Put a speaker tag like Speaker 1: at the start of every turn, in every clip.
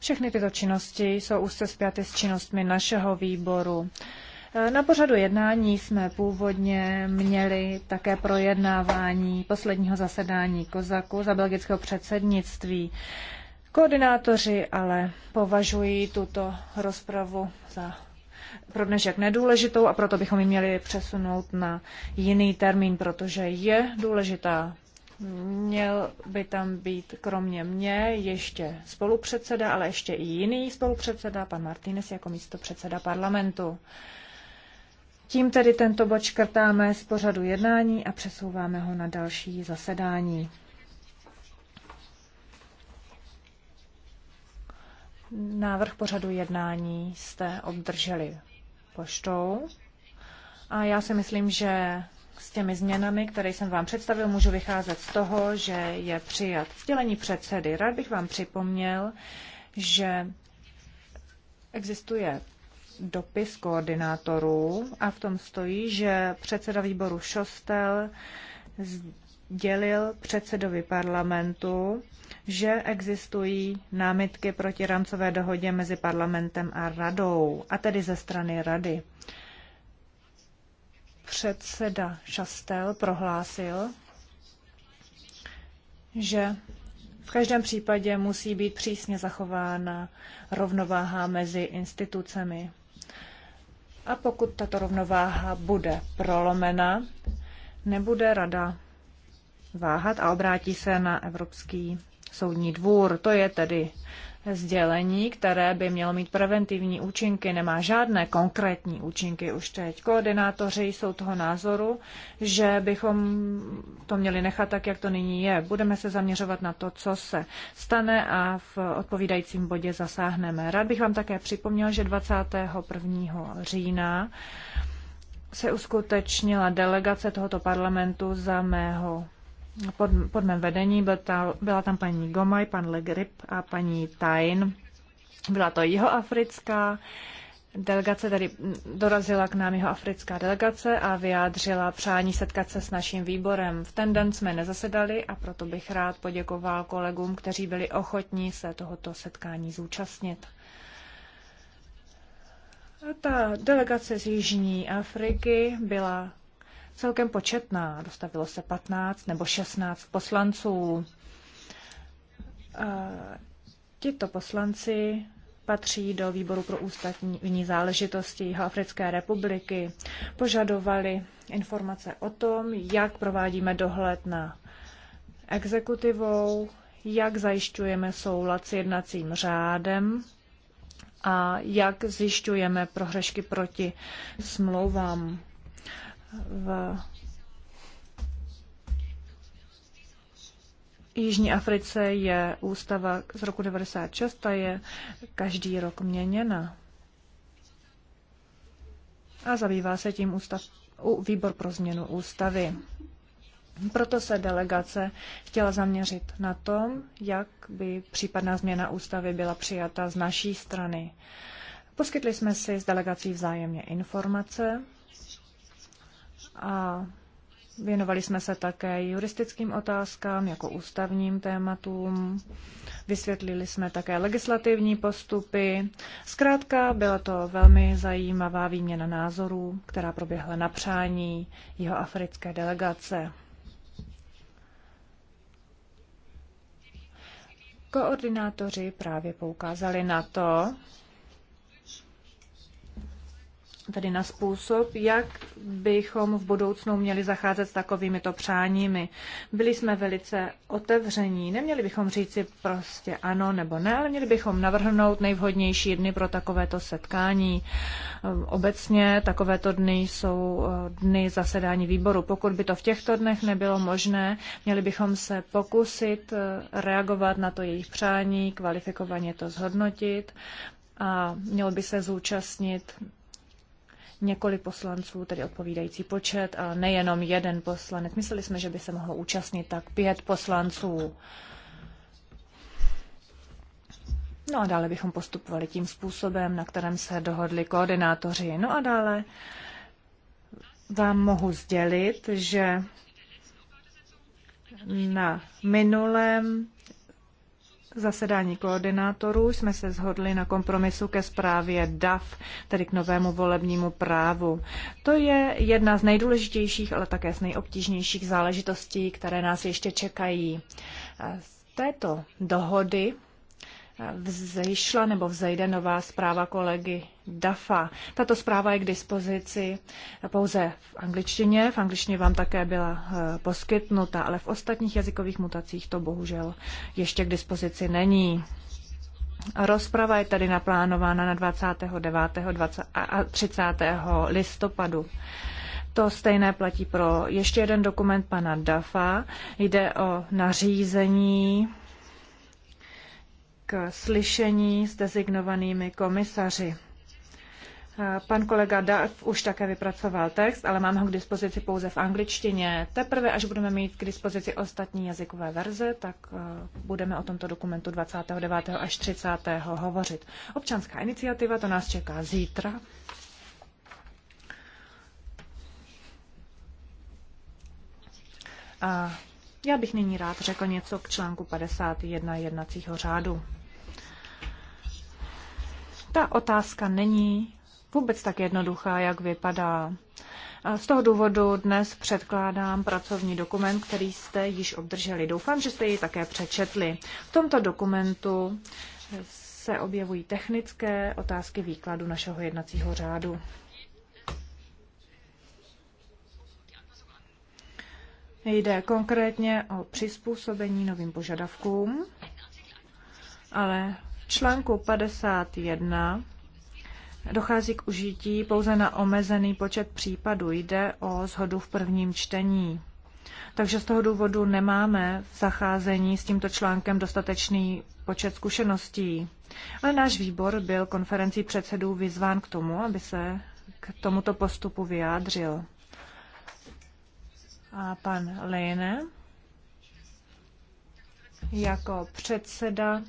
Speaker 1: Všechny tyto činnosti jsou úzce spjaty s činnostmi našeho výboru. E, na pořadu jednání jsme původně měli také projednávání posledního zasedání Kozaku za belgického předsednictví. Koordinátoři ale považují tuto rozpravu za pro dnešek nedůležitou a proto bychom ji měli přesunout na jiný termín, protože je důležitá. Měl by tam být kromě mě ještě spolupředseda, ale ještě i jiný spolupředseda, pan Martínez jako místo předseda parlamentu. Tím tedy tento bod škrtáme z pořadu jednání a přesouváme ho na další zasedání. Návrh pořadu jednání jste obdrželi poštou a já si myslím, že těmi změnami, které jsem vám představil, můžu vycházet z toho, že je přijat sdělení předsedy. Rád bych vám připomněl, že existuje dopis koordinátorů a v tom stojí, že předseda výboru Šostel sdělil předsedovi parlamentu, že existují námitky proti rámcové dohodě mezi parlamentem a radou, a tedy ze strany rady předseda Šastel prohlásil, že v každém případě musí být přísně zachována rovnováha mezi institucemi. A pokud tato rovnováha bude prolomena, nebude rada váhat a obrátí se na Evropský soudní dvůr. To je tedy sdělení, které by mělo mít preventivní účinky, nemá žádné konkrétní účinky už teď. Koordinátoři jsou toho názoru, že bychom to měli nechat tak, jak to nyní je. Budeme se zaměřovat na to, co se stane a v odpovídajícím bodě zasáhneme. Rád bych vám také připomněl, že 21. října se uskutečnila delegace tohoto parlamentu za mého pod, pod mém vedení byl ta, byla tam paní Gomaj, pan Legrip a paní Tain. Byla to africká delegace, Tady dorazila k nám jeho africká delegace a vyjádřila přání setkat se s naším výborem. V ten den jsme nezasedali a proto bych rád poděkoval kolegům, kteří byli ochotní se tohoto setkání zúčastnit. A ta delegace z Jižní Afriky byla celkem početná. Dostavilo se 15 nebo 16 poslanců. Tito poslanci patří do výboru pro ústavní záležitosti Jihoafrické republiky. Požadovali informace o tom, jak provádíme dohled na exekutivou, jak zajišťujeme soulad s jednacím řádem a jak zjišťujeme prohřešky proti smlouvám v Jižní Africe je ústava z roku 96 a je každý rok měněna. A zabývá se tím ústav, výbor pro změnu ústavy. Proto se delegace chtěla zaměřit na tom, jak by případná změna ústavy byla přijata z naší strany. Poskytli jsme si s delegací vzájemně informace a věnovali jsme se také juristickým otázkám jako ústavním tématům. Vysvětlili jsme také legislativní postupy. Zkrátka byla to velmi zajímavá výměna názorů, která proběhla na přání jeho africké delegace. Koordinátoři právě poukázali na to, tedy na způsob, jak bychom v budoucnu měli zacházet s takovýmito přáními. Byli jsme velice otevření, neměli bychom říci prostě ano nebo ne, ale měli bychom navrhnout nejvhodnější dny pro takovéto setkání. Obecně takovéto dny jsou eh, dny zasedání výboru. Pokud by to v těchto dnech nebylo možné, měli bychom se pokusit eh, reagovat na to jejich přání, kvalifikovaně to zhodnotit a měl by se zúčastnit několik poslanců, tedy odpovídající počet, a nejenom jeden poslanec. Mysleli jsme, že by se mohlo účastnit tak pět poslanců. No a dále bychom postupovali tím způsobem, na kterém se dohodli koordinátoři. No a dále vám mohu sdělit, že na minulém zasedání koordinátorů jsme se zhodli na kompromisu ke zprávě DAF, tedy k novému volebnímu právu. To je jedna z nejdůležitějších, ale také z nejobtížnějších záležitostí, které nás ještě čekají. Z této dohody vzešla nebo vzejde nová zpráva kolegy DAFA. Tato zpráva je k dispozici pouze v angličtině. V angličtině vám také byla eh, poskytnuta, ale v ostatních jazykových mutacích to bohužel ještě k dispozici není. Rozprava je tady naplánována na 29. 20 a 30. listopadu. To stejné platí pro ještě jeden dokument pana DAFA. Jde o nařízení k slyšení s designovanými komisaři. Pan kolega Duff už také vypracoval text, ale mám ho k dispozici pouze v angličtině. Teprve, až budeme mít k dispozici ostatní jazykové verze, tak e, budeme o tomto dokumentu 29. až 30. hovořit. Občanská iniciativa, to nás čeká zítra. A já bych nyní rád řekl něco k článku 51 jednacího řádu. Ta otázka není vůbec tak jednoduchá, jak vypadá. Z toho důvodu dnes předkládám pracovní dokument, který jste již obdrželi. Doufám, že jste ji také přečetli. V tomto dokumentu se objevují technické otázky výkladu našeho jednacího řádu. Jde konkrétně o přizpůsobení novým požadavkům, ale článku 51 dochází k užití pouze na omezený počet případů. Jde o zhodu v prvním čtení. Takže z toho důvodu nemáme v zacházení s tímto článkem dostatečný počet zkušeností. Ale náš výbor byl konferencí předsedů vyzván k tomu, aby se k tomuto postupu vyjádřil. A pan Lejne jako předseda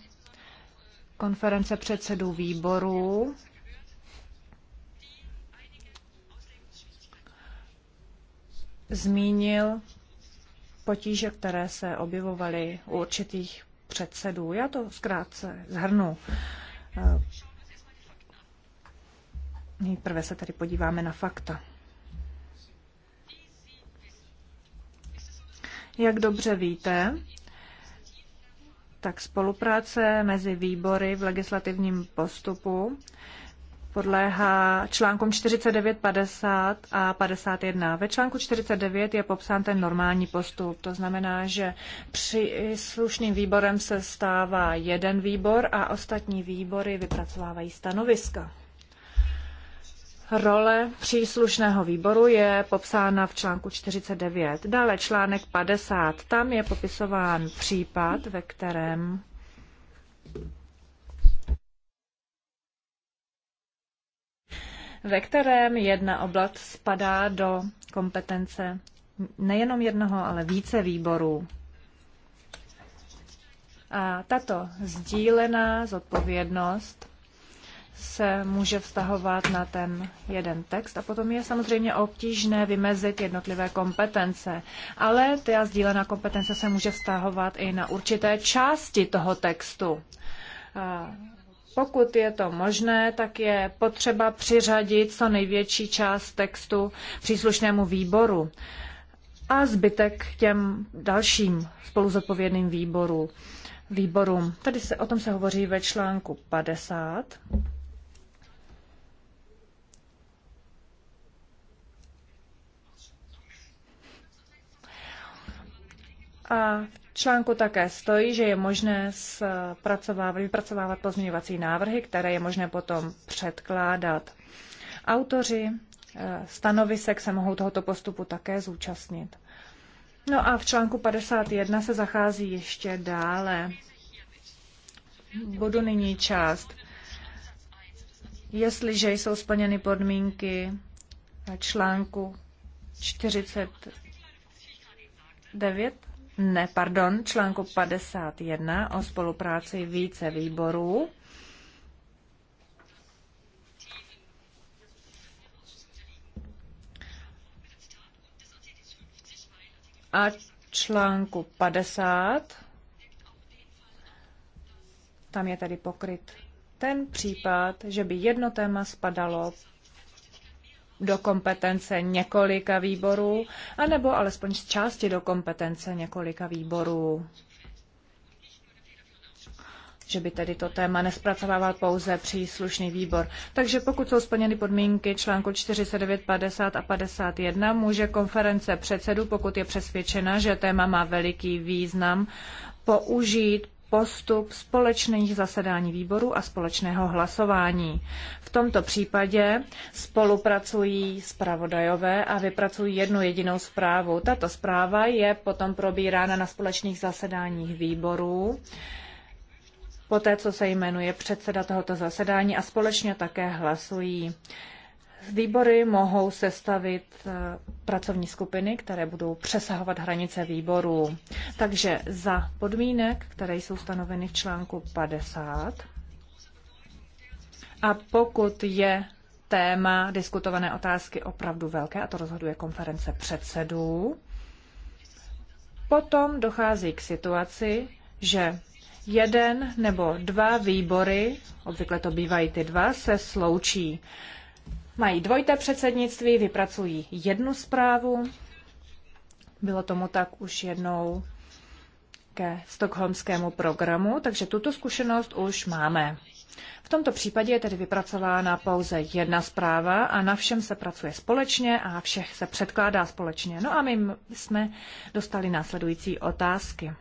Speaker 1: konference předsedů výborů zmínil potíže, které se objevovaly u určitých předsedů. Já to zkrátce zhrnu. Nejprve se tady podíváme na fakta. Jak dobře víte, tak spolupráce mezi výbory v legislativním postupu podléhá článkům 49, 50 a 51. Ve článku 49 je popsán ten normální postup. To znamená, že při slušným výborem se stává jeden výbor a ostatní výbory vypracovávají stanoviska. Role příslušného výboru je popsána v článku 49. Dále článek 50. Tam je popisován případ, ve kterém ve kterém jedna oblast spadá do kompetence nejenom jednoho, ale více výborů. A tato sdílená zodpovědnost se může vztahovat na ten jeden text a potom je samozřejmě obtížné vymezit jednotlivé kompetence. Ale ta sdílená kompetence se může vztahovat i na určité části toho textu. Pokud je to možné, tak je potřeba přiřadit co největší část textu příslušnému výboru a zbytek těm dalším spoluzodpovědným výboru. výborům. Tady se o tom se hovoří ve článku 50. A v článku také stojí, že je možné vypracovávat pozměňovací návrhy, které je možné potom předkládat. Autoři eh, stanovisek se mohou tohoto postupu také zúčastnit. No a v článku 51 se zachází ještě dále. Budu nyní část. Jestliže jsou splněny podmínky článku 49, ne, pardon, článku 51 o spolupráci více výborů. A článku 50, tam je tedy pokryt ten případ, že by jedno téma spadalo do kompetence několika výborů, anebo alespoň z části do kompetence několika výborů. Že by tedy to téma nespracovával pouze příslušný výbor. Takže pokud jsou splněny podmínky článku 49, 50 a 51, může konference předsedu, pokud je přesvědčena, že téma má veliký význam, použít postup společných zasedání výboru a společného hlasování. V tomto případě spolupracují zpravodajové a vypracují jednu jedinou zprávu. Tato zpráva je potom probírána na společných zasedáních výborů poté co se jmenuje předseda tohoto zasedání a společně také hlasují. Výbory mohou sestavit eh, pracovní skupiny, které budou přesahovat hranice výborů. Takže za podmínek, které jsou stanoveny v článku 50, a pokud je téma diskutované otázky opravdu velké, a to rozhoduje konference předsedů, potom dochází k situaci, že jeden nebo dva výbory, obvykle to bývají ty dva, se sloučí mají dvojité předsednictví, vypracují jednu zprávu. Bylo tomu tak už jednou ke stokholmskému programu, takže tuto zkušenost už máme. V tomto případě je tedy vypracována pouze jedna zpráva a na všem se pracuje společně a všech se předkládá společně. No a my jsme dostali následující otázky.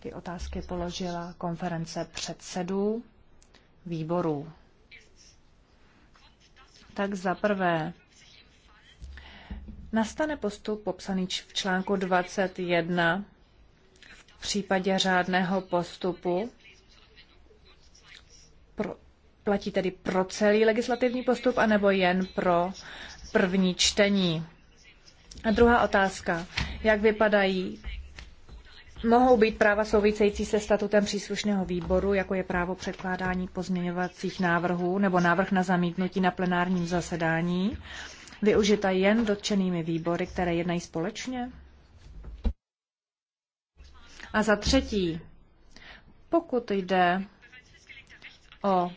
Speaker 1: Ty otázky položila konference předsedů výborů. Tak za prvé, nastane postup popsaný v článku 21 v případě řádného postupu. Pro, platí tedy pro celý legislativní postup, anebo jen pro první čtení. A druhá otázka. Jak vypadají mohou být práva související se statutem příslušného výboru, jako je právo předkládání pozměňovacích návrhů nebo návrh na zamítnutí na plenárním zasedání, využita jen dotčenými výbory, které jednají společně? A za třetí, pokud jde o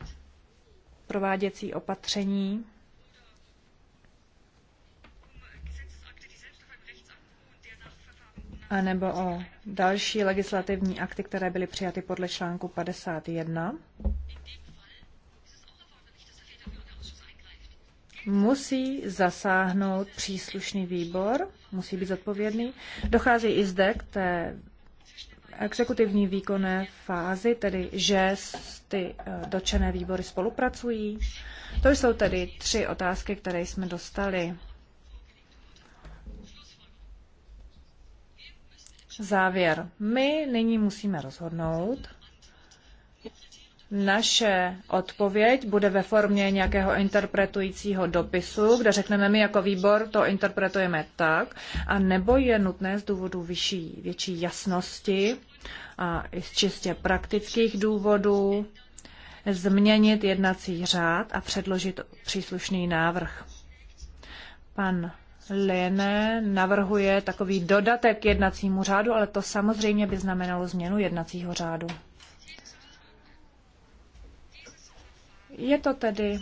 Speaker 1: prováděcí opatření, anebo o další legislativní akty, které byly přijaty podle článku 51, musí zasáhnout příslušný výbor, musí být zodpovědný. Dochází i zde k té exekutivní výkonné fázi, tedy že ty e, dočené výbory spolupracují. To jsou tedy tři otázky, které jsme dostali. Závěr. My nyní musíme rozhodnout. Naše odpověď bude ve formě nějakého interpretujícího dopisu, kde řekneme my jako výbor, to interpretujeme tak, a nebo je nutné z důvodu vyšší, větší jasnosti a i z čistě praktických důvodů změnit jednací řád a předložit příslušný návrh. Pan Lene navrhuje takový dodatek k jednacímu řádu, ale to samozřejmě by znamenalo změnu jednacího řádu. Je to tedy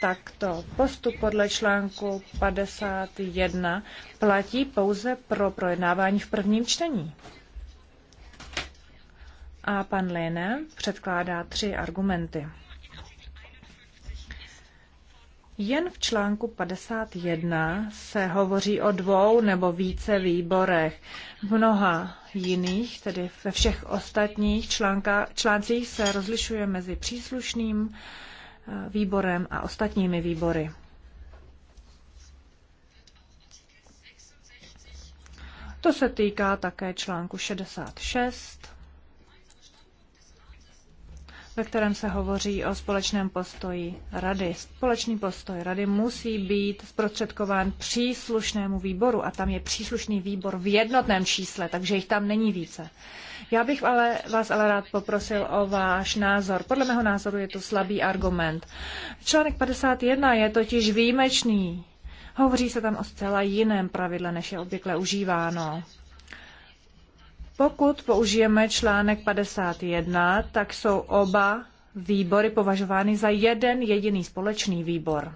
Speaker 1: takto. Postup podle článku 51 platí pouze pro projednávání v prvním čtení. A pan Lene předkládá tři argumenty. Jen v článku 51 se hovoří o dvou nebo více výborech. V mnoha jiných, tedy ve všech ostatních článka, článcích se rozlišuje mezi příslušným eh, výborem a ostatními výbory. To se týká také článku 66 ve kterém se hovoří o společném postoji rady. Společný postoj rady musí být zprostředkován příslušnému výboru a tam je příslušný výbor v jednotném čísle, takže jich tam není více. Já bych ale, vás ale rád poprosil o váš názor. Podle mého názoru je to slabý argument. Článek 51 je totiž výjimečný. Hovoří se tam o zcela jiném pravidle, než je obvykle užíváno. Pokud použijeme článek 51, tak jsou oba výbory považovány za jeden jediný společný výbor.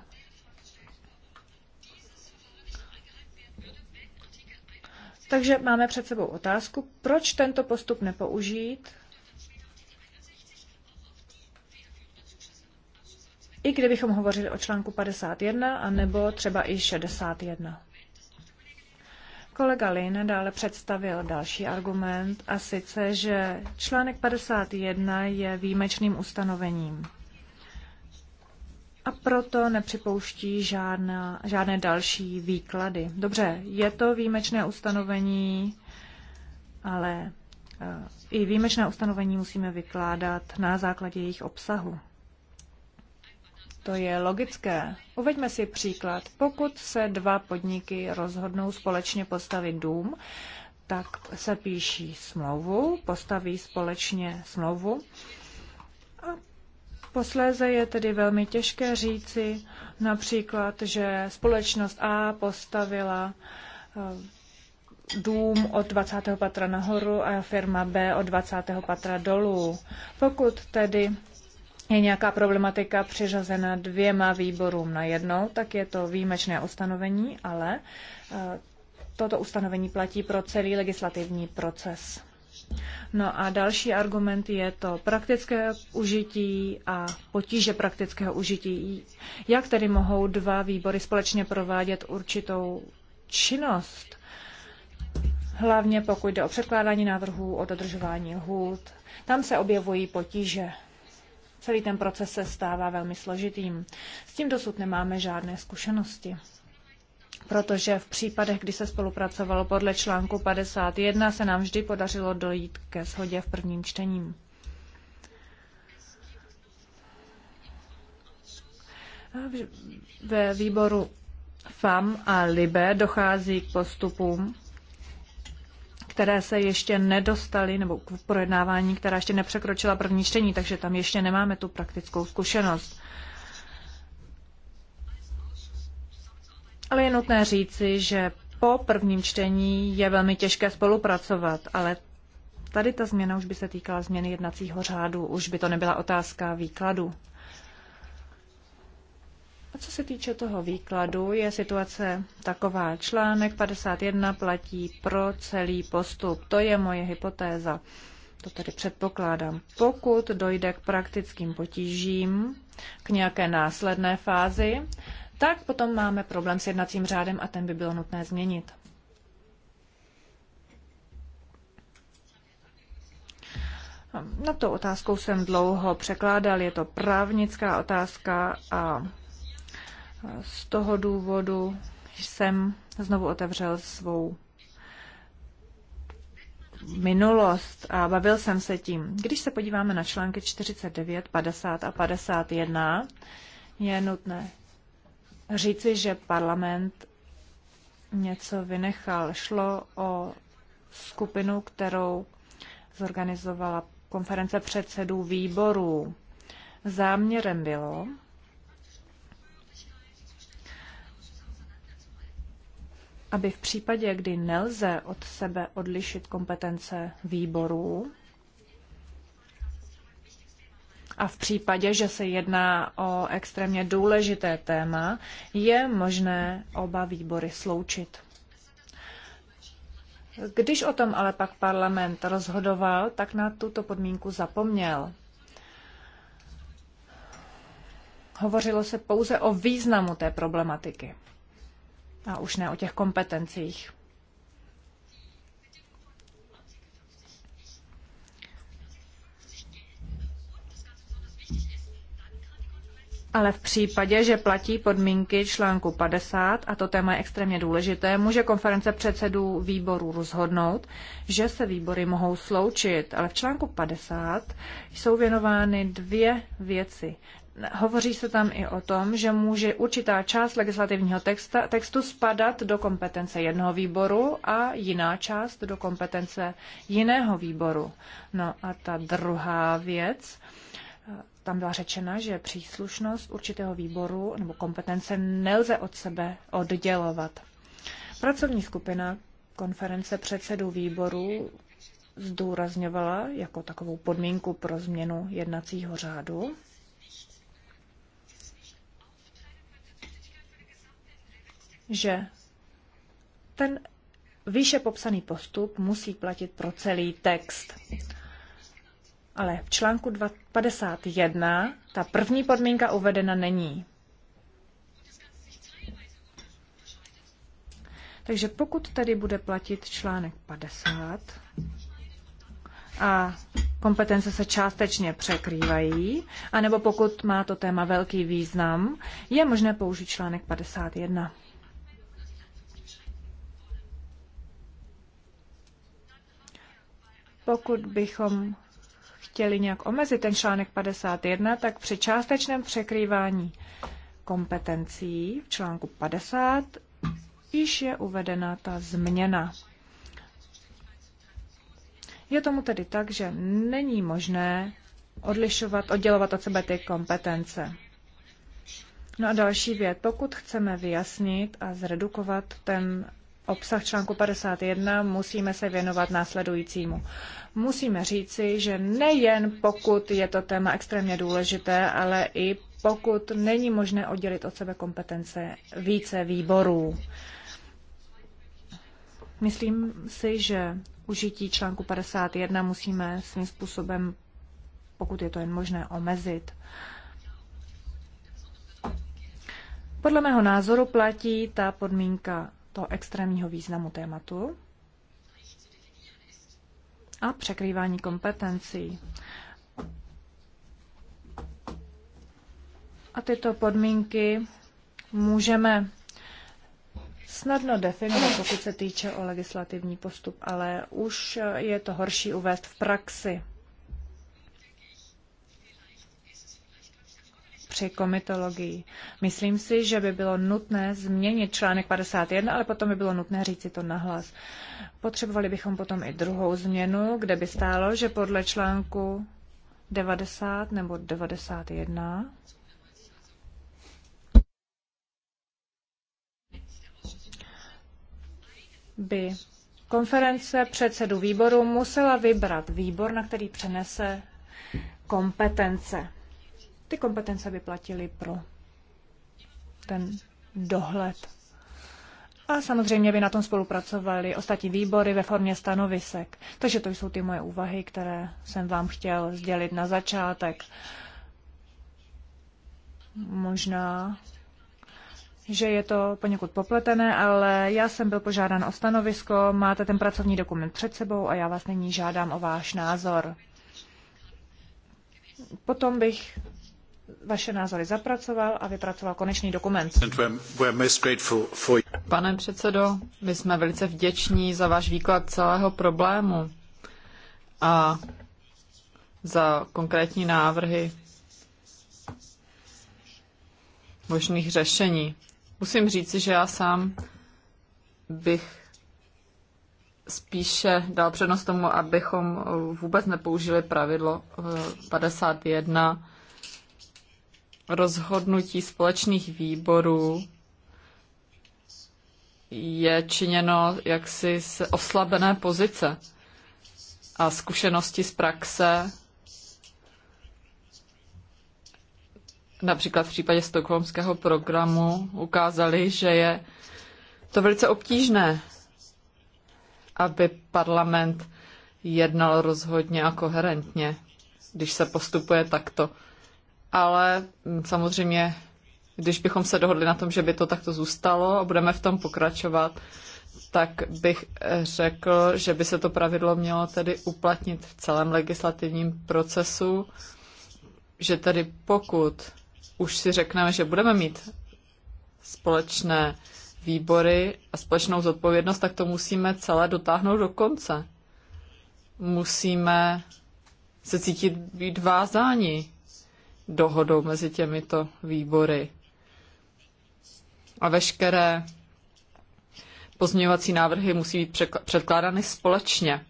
Speaker 1: Takže máme před sebou otázku, proč tento postup nepoužít, i kdybychom hovořili o článku 51 a nebo třeba i 61. Kolega Lin dále představil další argument a sice, že článek 51 je výjimečným ustanovením a proto nepřipouští žádná, žádné další výklady. Dobře, je to výjimečné ustanovení, ale e, i výjimečné ustanovení musíme vykládat na základě jejich obsahu. To je logické. Uveďme si příklad. Pokud se dva podniky rozhodnou společně postavit dům, tak se píší smlouvu, postaví společně smlouvu. A posléze je tedy velmi těžké říci například, že společnost A postavila eh, dům od 20. patra nahoru a firma B od 20. patra dolů. Pokud tedy je nějaká problematika přiřazena dvěma výborům na jednou, tak je to výjimečné ustanovení, ale e, toto ustanovení platí pro celý legislativní proces. No a další argument je to praktické užití a potíže praktického užití. Jak tedy mohou dva výbory společně provádět určitou činnost? Hlavně pokud jde o překládání návrhů, o dodržování hůd. Tam se objevují potíže celý ten proces se stává velmi složitým. S tím dosud nemáme žádné zkušenosti protože v případech, kdy se spolupracovalo podle článku 51, se nám vždy podařilo dojít ke shodě v prvním čtení. Ve výboru FAM a LIBE dochází k postupům, které se ještě nedostaly, nebo k projednávání, která ještě nepřekročila první čtení, takže tam ještě nemáme tu praktickou zkušenost. Ale je nutné říci, že po prvním čtení je velmi těžké spolupracovat, ale tady ta změna už by se týkala změny jednacího řádu, už by to nebyla otázka výkladu co se týče toho výkladu, je situace taková. Článek 51 platí pro celý postup. To je moje hypotéza. To tedy předpokládám. Pokud dojde k praktickým potížím, k nějaké následné fázi, tak potom máme problém s jednacím řádem a ten by bylo nutné změnit. Na to otázkou jsem dlouho překládal, je to právnická otázka a z toho důvodu jsem znovu otevřel svou minulost a bavil jsem se tím. Když se podíváme na články 49, 50 a 51, je nutné říci, že parlament něco vynechal. Šlo o skupinu, kterou zorganizovala konference předsedů výborů. Záměrem bylo, aby v případě, kdy nelze od sebe odlišit kompetence výborů, a v případě, že se jedná o extrémně důležité téma, je možné oba výbory sloučit. Když o tom ale pak parlament rozhodoval, tak na tuto podmínku zapomněl. Hovořilo se pouze o významu té problematiky a už ne o těch kompetencích. Ale v případě, že platí podmínky článku 50, a to téma je extrémně důležité, může konference předsedů výborů rozhodnout, že se výbory mohou sloučit. Ale v článku 50 jsou věnovány dvě věci. Hovoří se tam i o tom, že může určitá část legislativního texta, textu spadat do kompetence jednoho výboru a jiná část do kompetence jiného výboru. No a ta druhá věc, tam byla řečena, že příslušnost určitého výboru nebo kompetence nelze od sebe oddělovat. Pracovní skupina konference předsedů výborů zdůrazňovala jako takovou podmínku pro změnu jednacího řádu, že ten výše popsaný postup musí platit pro celý text. Ale v článku 51 ta první podmínka uvedena není. Takže pokud tady bude platit článek 50 a kompetence se částečně překrývají, anebo pokud má to téma velký význam, je možné použít článek 51. Pokud bychom chtěli nějak omezit ten článek 51, tak při částečném překrývání kompetencí v článku 50 již je uvedena ta změna. Je tomu tedy tak, že není možné odlišovat, oddělovat od sebe ty kompetence. No a další věc, pokud chceme vyjasnit a zredukovat ten obsah článku 51 musíme se věnovat následujícímu. Musíme říci, že nejen pokud je to téma extrémně důležité, ale i pokud není možné oddělit od sebe kompetence více výborů. Myslím si, že užití článku 51 musíme svým způsobem, pokud je to jen možné, omezit. Podle mého názoru platí ta podmínka to extrémního významu tématu a překrývání kompetencí. A tyto podmínky můžeme snadno definovat, pokud se týče o legislativní postup, ale už je to horší uvést v praxi. při komitologii. Myslím si, že by bylo nutné změnit článek 51, ale potom by bylo nutné říci to nahlas. Potřebovali bychom potom i druhou změnu, kde by stálo, že podle článku 90 nebo 91 by konference předsedu výboru musela vybrat výbor, na který přenese kompetence ty kompetence vyplatili pro ten dohled. A samozřejmě by na tom spolupracovali ostatní výbory ve formě stanovisek. Takže to jsou ty moje úvahy, které jsem vám chtěl sdělit na začátek. Možná, že je to poněkud popletené, ale já jsem byl požádán o stanovisko, máte ten pracovní dokument před sebou a já vás nyní žádám o váš názor.
Speaker 2: Potom bych vaše názory zapracoval a vypracoval konečný dokument. Pane předsedo, my jsme velice vděční za váš výklad celého problému a za konkrétní návrhy možných řešení. Musím říci, že já sám bych spíše dal přednost tomu, abychom vůbec nepoužili pravidlo 51 eh, rozhodnutí společných výborů je činěno jaksi z oslabené pozice a zkušenosti z praxe, například v případě stokholmského programu, ukázaly, že je to velice obtížné, aby parlament jednal rozhodně a koherentně, když se postupuje takto ale mm, samozřejmě, když bychom se dohodli na tom, že by to takto zůstalo a budeme v tom pokračovat, tak bych eh, řekl, že by se to pravidlo mělo tedy uplatnit v celém legislativním procesu, že tedy pokud už si řekneme, že budeme mít společné výbory a společnou zodpovědnost, tak to musíme celé dotáhnout do konce. Musíme se cítit být vázáni dohodou mezi těmito výbory. A veškeré pozměňovací návrhy musí být předkládány společně.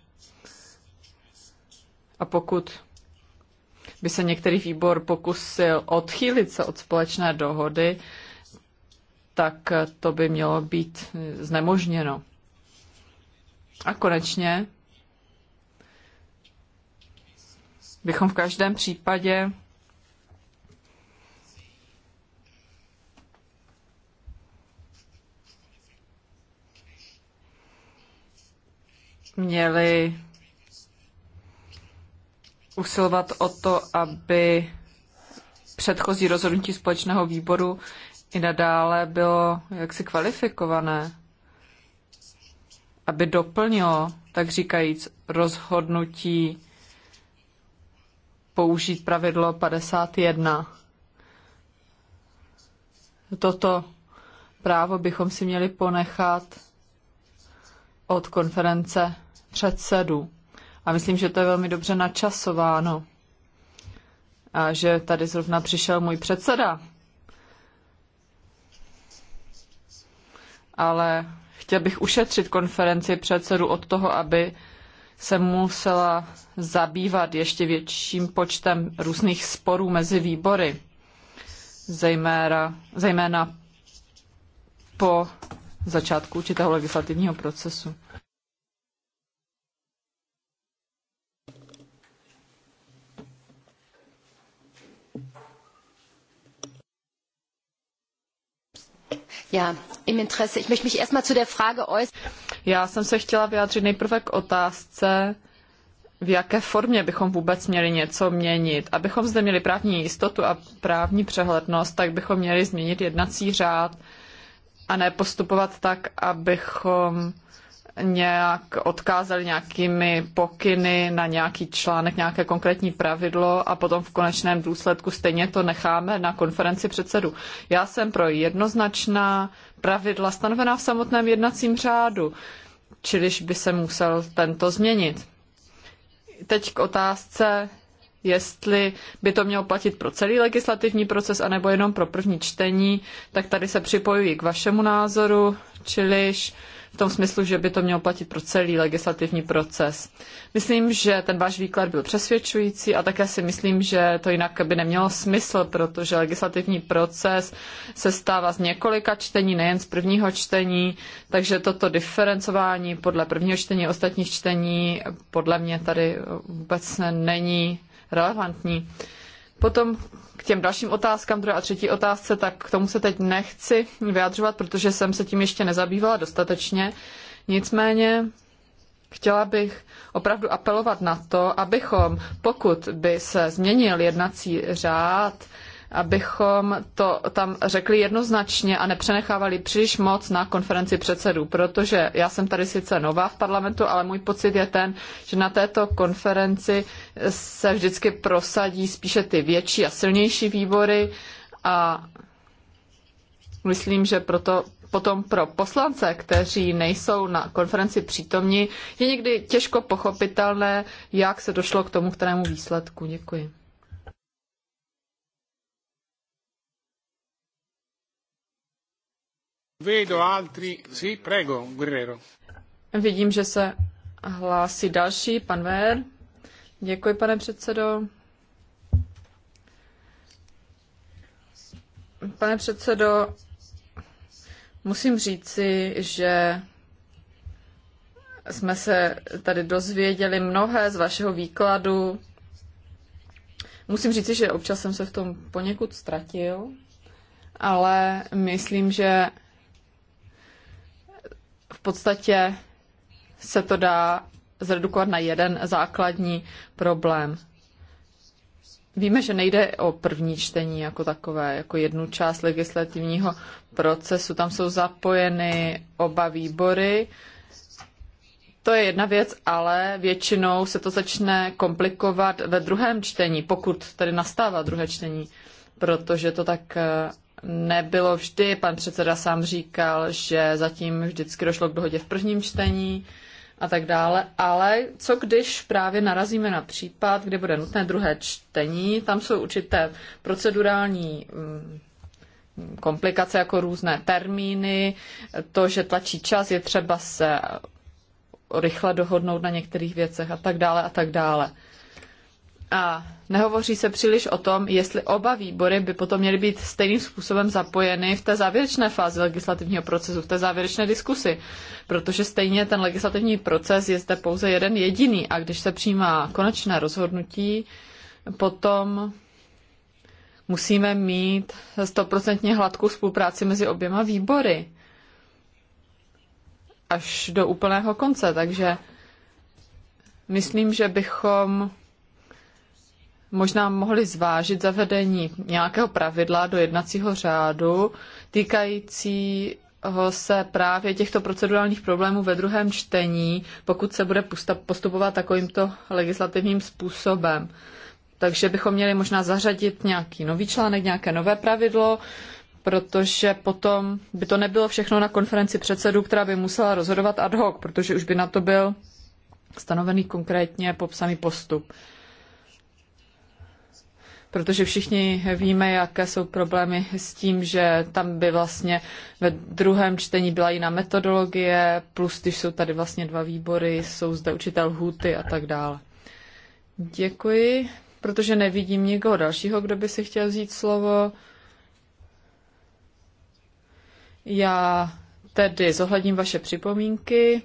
Speaker 2: A pokud by se některý výbor pokusil odchýlit se od společné dohody, tak to by mělo být znemožněno. A konečně bychom v každém případě měli usilovat o to, aby předchozí rozhodnutí společného výboru i nadále bylo jaksi kvalifikované, aby doplnilo, tak říkajíc, rozhodnutí použít pravidlo 51. Toto právo bychom si měli ponechat od konference předsedů. A myslím, že to je velmi dobře načasováno. A že tady zrovna přišel můj předseda. Ale chtěl bych ušetřit konferenci předsedu od toho, aby se musela zabývat ještě větším počtem různých sporů mezi výbory, zejména, zejména po začátku určitého legislativního procesu.
Speaker 3: Já, im Interesse. Ich möchte mich erstmal zu der Frage äußern.
Speaker 2: Já jsem se chtěla vyjádřit nejprve k otázce, v jaké formě bychom vůbec měli něco měnit. Abychom zde měli právní jistotu a právní přehlednost, tak bychom měli změnit jednací řád a ne postupovat tak, abychom nějak odkázali nějakými pokyny na nějaký článek, nějaké konkrétní pravidlo a potom v konečném důsledku stejně to necháme na konferenci předsedu. Já jsem pro jednoznačná pravidla stanovená v samotném jednacím řádu, čiliž by se musel tento změnit. Teď k otázce jestli by to mělo platit pro celý legislativní proces anebo jenom pro první čtení, tak tady se připojuji k vašemu názoru, čiliž v tom smyslu, že by to mělo platit pro celý legislativní proces. Myslím, že ten váš výklad byl přesvědčující a také si myslím, že to jinak by nemělo smysl, protože legislativní proces se stává z několika čtení, nejen z prvního čtení, takže toto diferencování podle prvního čtení ostatních čtení podle mě tady vůbec není relevantní. Potom k těm dalším otázkám, druhé a třetí otázce, tak k tomu se teď nechci vyjadřovat, protože jsem se tím ještě nezabývala dostatečně. Nicméně chtěla bych opravdu apelovat na to, abychom, pokud by se změnil jednací řád, abychom to tam řekli jednoznačně a nepřenechávali příliš moc na konferenci předsedů, protože já jsem tady sice nová v parlamentu, ale můj pocit je ten, že na této konferenci se vždycky prosadí spíše ty větší a silnější výbory a myslím, že proto potom pro poslance, kteří nejsou na konferenci přítomni, je někdy těžko pochopitelné, jak se došlo k tomu, kterému výsledku. Děkuji. Vedo altri, sì, prego, Guerrero. Vidím, že se hlásí další, pan Ver. Děkuji, pane předsedo. Pane předsedo, musím říci, že jsme se tady dozvěděli mnohé z vašeho výkladu. Musím říci, že občas jsem se v tom poněkud ztratil, ale myslím, že v podstatě se to dá zredukovat na jeden základní problém. Víme, že nejde o první čtení jako takové, jako jednu část legislativního procesu. Tam jsou zapojeny oba výbory. To je jedna věc, ale většinou se to začne komplikovat ve druhém čtení, pokud tedy nastává druhé čtení, protože to tak eh, nebylo vždy. Pan předseda sám říkal, že zatím vždycky došlo k dohodě v prvním čtení a tak dále. Ale co když právě narazíme na případ, kde bude nutné druhé čtení, tam jsou určité procedurální mm, komplikace jako různé termíny, to, že tlačí čas, je třeba se rychle dohodnout na některých věcech a tak dále a tak dále. A nehovoří se příliš o tom, jestli oba výbory by potom měly být stejným způsobem zapojeny v té závěrečné fázi legislativního procesu, v té závěrečné diskusi, protože stejně ten legislativní proces je zde pouze jeden jediný a když se přijímá konečné rozhodnutí, potom musíme mít stoprocentně hladkou spolupráci mezi oběma výbory až do úplného konce, takže myslím, že bychom možná mohli zvážit zavedení nějakého pravidla do jednacího řádu týkající se právě těchto procedurálních problémů ve druhém čtení, pokud se bude postupovat takovýmto legislativním způsobem. Takže bychom měli možná zařadit nějaký nový článek, nějaké nové pravidlo, protože potom by to nebylo všechno na konferenci předsedů, která by musela rozhodovat ad hoc, protože už by na to byl stanovený konkrétně popsaný postup protože všichni víme, jaké jsou problémy s tím, že tam by vlastně ve druhém čtení byla jiná metodologie, plus když jsou tady vlastně dva výbory, jsou zde učitel hůty a tak dále. Děkuji, protože nevidím nikoho dalšího, kdo by si chtěl vzít slovo. Já tedy zohledním vaše připomínky.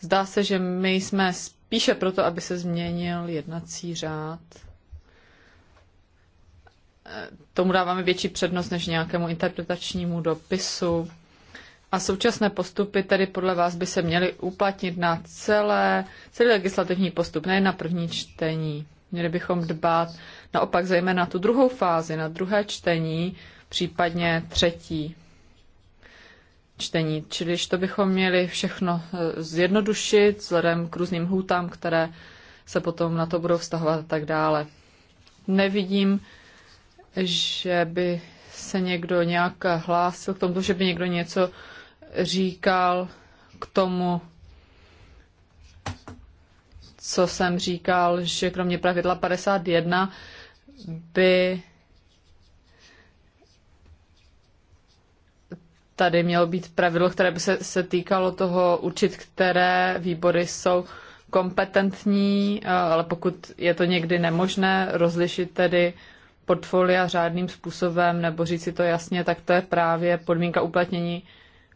Speaker 2: Zdá se, že my jsme Píše proto, aby se změnil jednací řád. Tomu dáváme větší přednost než nějakému interpretačnímu dopisu. A současné postupy tedy podle vás by se měly uplatnit na celé, celý legislativní postup, ne na první čtení. Měli bychom dbát naopak zejména tu druhou fázi, na druhé čtení, případně třetí čtení. Čili to bychom měli všechno eh, zjednodušit vzhledem k různým hůtám, které se potom na to budou vztahovat a tak dále. Nevidím, že by se někdo nějak hlásil k tomu, že by někdo něco říkal k tomu, co jsem říkal, že kromě pravidla 51 by tady mělo být pravidlo, které by se, se týkalo toho určit, které výbory jsou kompetentní, eh, ale pokud je to někdy nemožné rozlišit tedy portfolia řádným způsobem nebo říci to jasně, tak to je právě podmínka uplatnění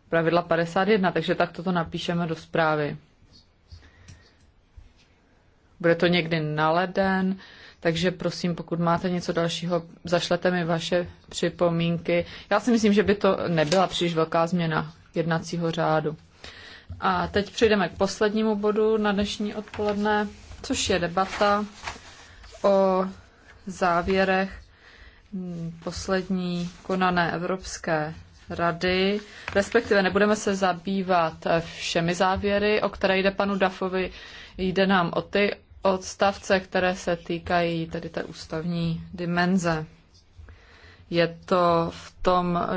Speaker 2: pravidla 51, takže tak toto napíšeme do zprávy. Bude to někdy na leden, takže prosím, pokud máte něco dalšího, zašlete mi vaše připomínky. Já si myslím, že by to nebyla příliš velká změna jednacího řádu. A teď přejdeme k poslednímu bodu na dnešní odpoledne, což je debata o závěrech poslední konané Evropské rady, respektive nebudeme se zabývat všemi závěry, o které jde panu Dafovi, jde nám o ty, odstavce, které se týkají tedy té ústavní dimenze. Je to v tom eh,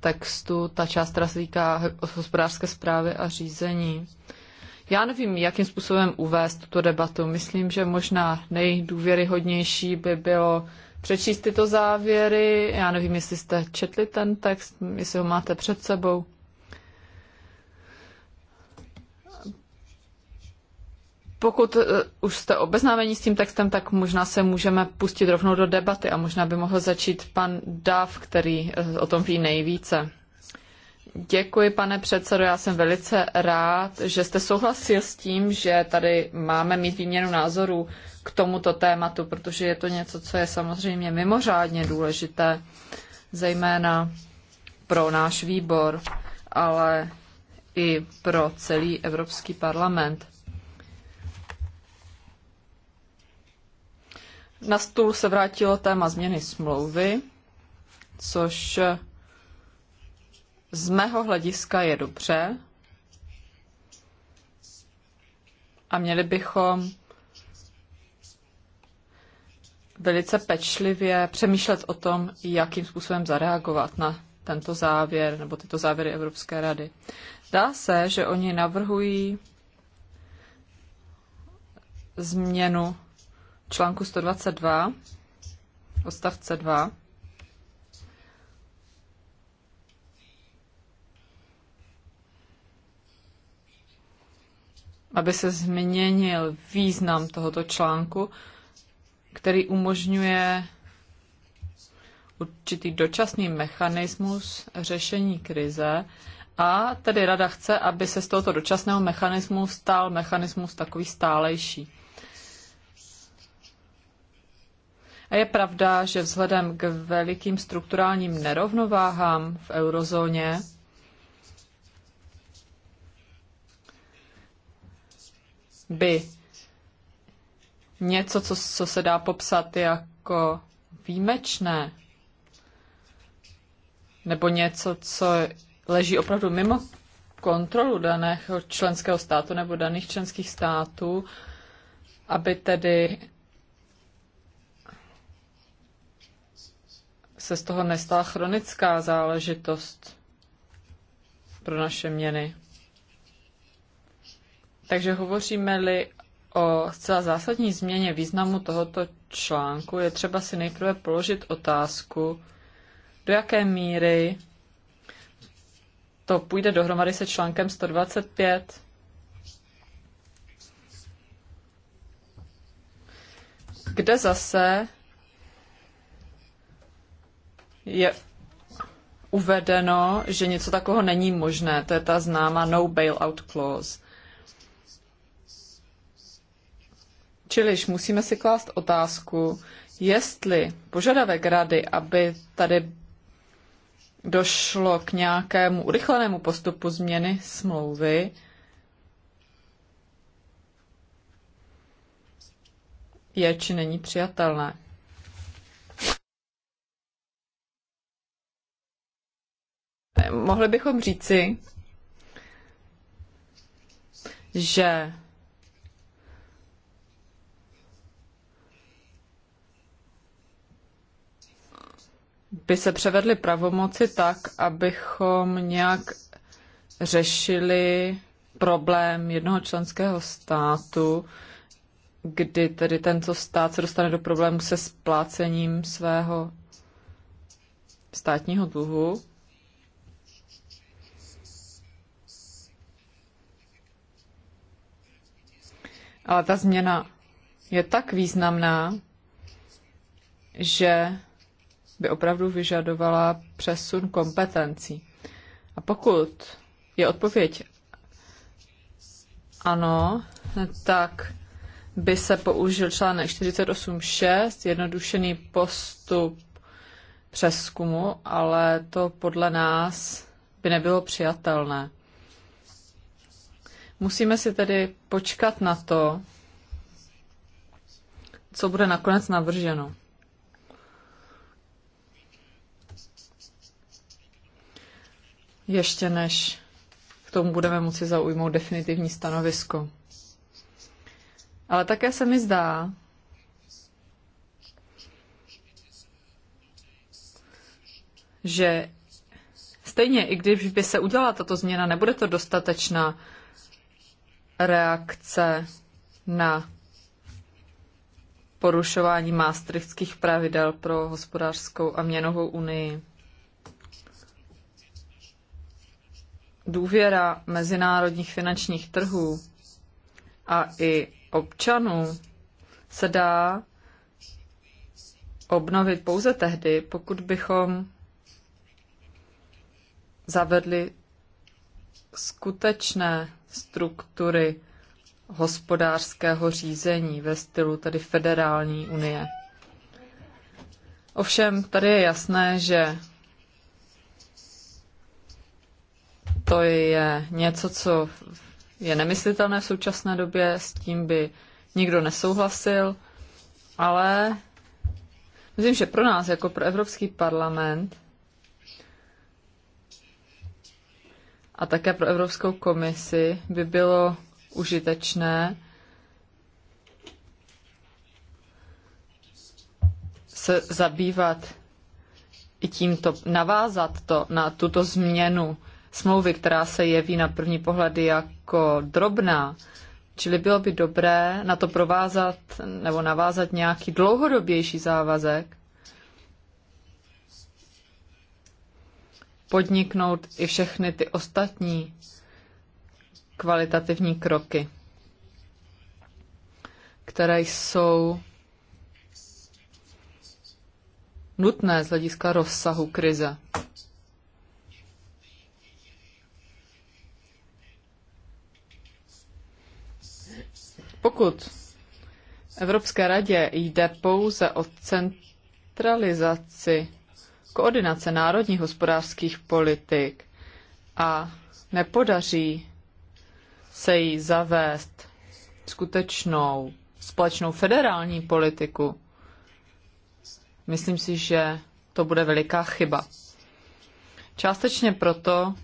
Speaker 2: textu ta část, která se týká hospodářské zprávy a řízení. Já nevím, jakým způsobem uvést tuto debatu. Myslím, že možná nejdůvěryhodnější by bylo přečíst tyto závěry. Já nevím, jestli jste četli ten text, jestli ho máte před sebou. Pokud eh, už jste obeznámeni s tím textem, tak možná se můžeme pustit rovnou do debaty a možná by mohl začít pan Dav, který eh, o tom ví nejvíce. Děkuji, pane předsedo. Já jsem velice rád, že jste souhlasil s tím, že tady máme mít výměnu názorů k tomuto tématu, protože je to něco, co je samozřejmě mimořádně důležité, zejména pro náš výbor, ale i pro celý Evropský parlament. Na stůl se vrátilo téma změny smlouvy, což z mého hlediska je dobře. A měli bychom velice pečlivě přemýšlet o tom, jakým způsobem zareagovat na tento závěr nebo tyto závěry Evropské rady. Dá se, že oni navrhují změnu článku 122, odstavce 2, aby se změnil význam tohoto článku, který umožňuje určitý dočasný mechanismus řešení krize a tedy rada chce, aby se z tohoto dočasného mechanismu stal mechanismus takový stálejší. A je pravda, že vzhledem k velikým strukturálním nerovnováhám v eurozóně, by něco, co, co se dá popsat jako výjimečné, nebo něco, co leží opravdu mimo kontrolu daného členského státu nebo daných členských států, aby tedy se z toho nestala chronická záležitost pro naše měny. Takže hovoříme-li o zcela zásadní změně významu tohoto článku, je třeba si nejprve položit otázku, do jaké míry to půjde dohromady se článkem 125. Kde zase je uvedeno, že něco takového není možné. To je ta známá no bailout clause. Čiliž musíme si klást otázku, jestli požadavek rady, aby tady došlo k nějakému urychlenému postupu změny smlouvy, je či není přijatelné. Mohli bychom říci, že by se převedly pravomoci tak, abychom nějak řešili problém jednoho členského státu, kdy tedy tento stát se dostane do problému se splácením svého státního dluhu. ale ta změna je tak významná, že by opravdu vyžadovala přesun kompetencí. A pokud je odpověď ano, tak by se použil článek 48.6, jednodušený postup přeskumu, ale to podle nás by nebylo přijatelné. Musíme si tedy počkat na to, co bude nakonec navrženo. Ještě než k tomu budeme moci zaujmout definitivní stanovisko. Ale také se mi zdá, že stejně, i když by se udělala tato změna, nebude to dostatečná reakce na porušování maastrichtských pravidel pro hospodářskou a měnovou unii. Důvěra mezinárodních finančních trhů a i občanů se dá obnovit pouze tehdy, pokud bychom zavedli skutečné struktury hospodářského řízení ve stylu tedy federální unie. Ovšem, tady je jasné, že to je něco, co je nemyslitelné v současné době, s tím by nikdo nesouhlasil, ale myslím, že pro nás, jako pro Evropský parlament, a také pro Evropskou komisi by bylo užitečné se zabývat i tímto, navázat to na tuto změnu smlouvy, která se jeví na první pohled jako drobná, čili bylo by dobré na to provázat nebo navázat nějaký dlouhodobější závazek, podniknout i všechny ty ostatní kvalitativní kroky, které jsou nutné z hlediska rozsahu krize. Pokud Evropské radě jde pouze o centralizaci koordinace národních hospodářských politik a nepodaří se jí zavést skutečnou společnou federální politiku, myslím si, že to bude veliká chyba. Částečně proto,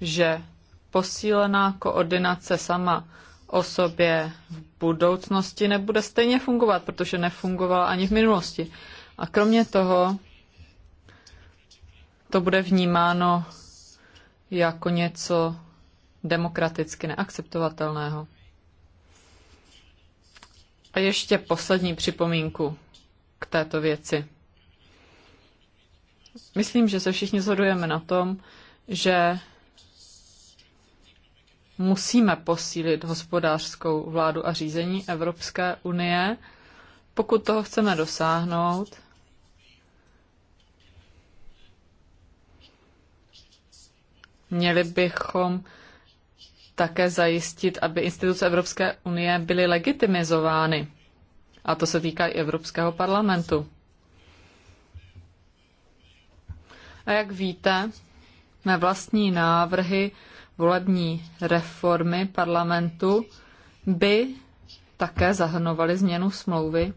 Speaker 2: že posílená koordinace sama o sobě v budoucnosti nebude stejně fungovat, protože nefungovala ani v minulosti. A kromě toho to bude vnímáno jako něco demokraticky neakceptovatelného. A ještě poslední připomínku k této věci. Myslím, že se všichni shodujeme na tom, že musíme posílit hospodářskou vládu a řízení Evropské unie, pokud toho chceme dosáhnout, Měli bychom také zajistit, aby instituce Evropské unie byly legitimizovány. A to se týká i Evropského parlamentu. A jak víte, mé vlastní návrhy volební reformy parlamentu by také zahrnovaly změnu smlouvy.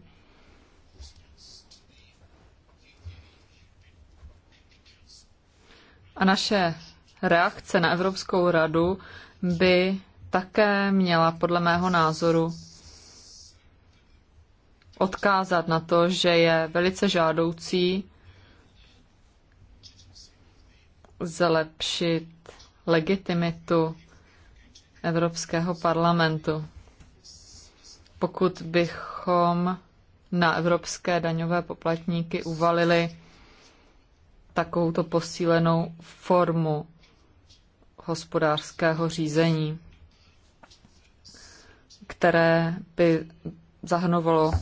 Speaker 2: A naše reakce na Evropskou radu by také měla podle mého názoru odkázat na to, že je velice žádoucí zlepšit legitimitu Evropského parlamentu. Pokud bychom na evropské daňové poplatníky uvalili takovouto posílenou formu hospodářského řízení, které by zahrnovalo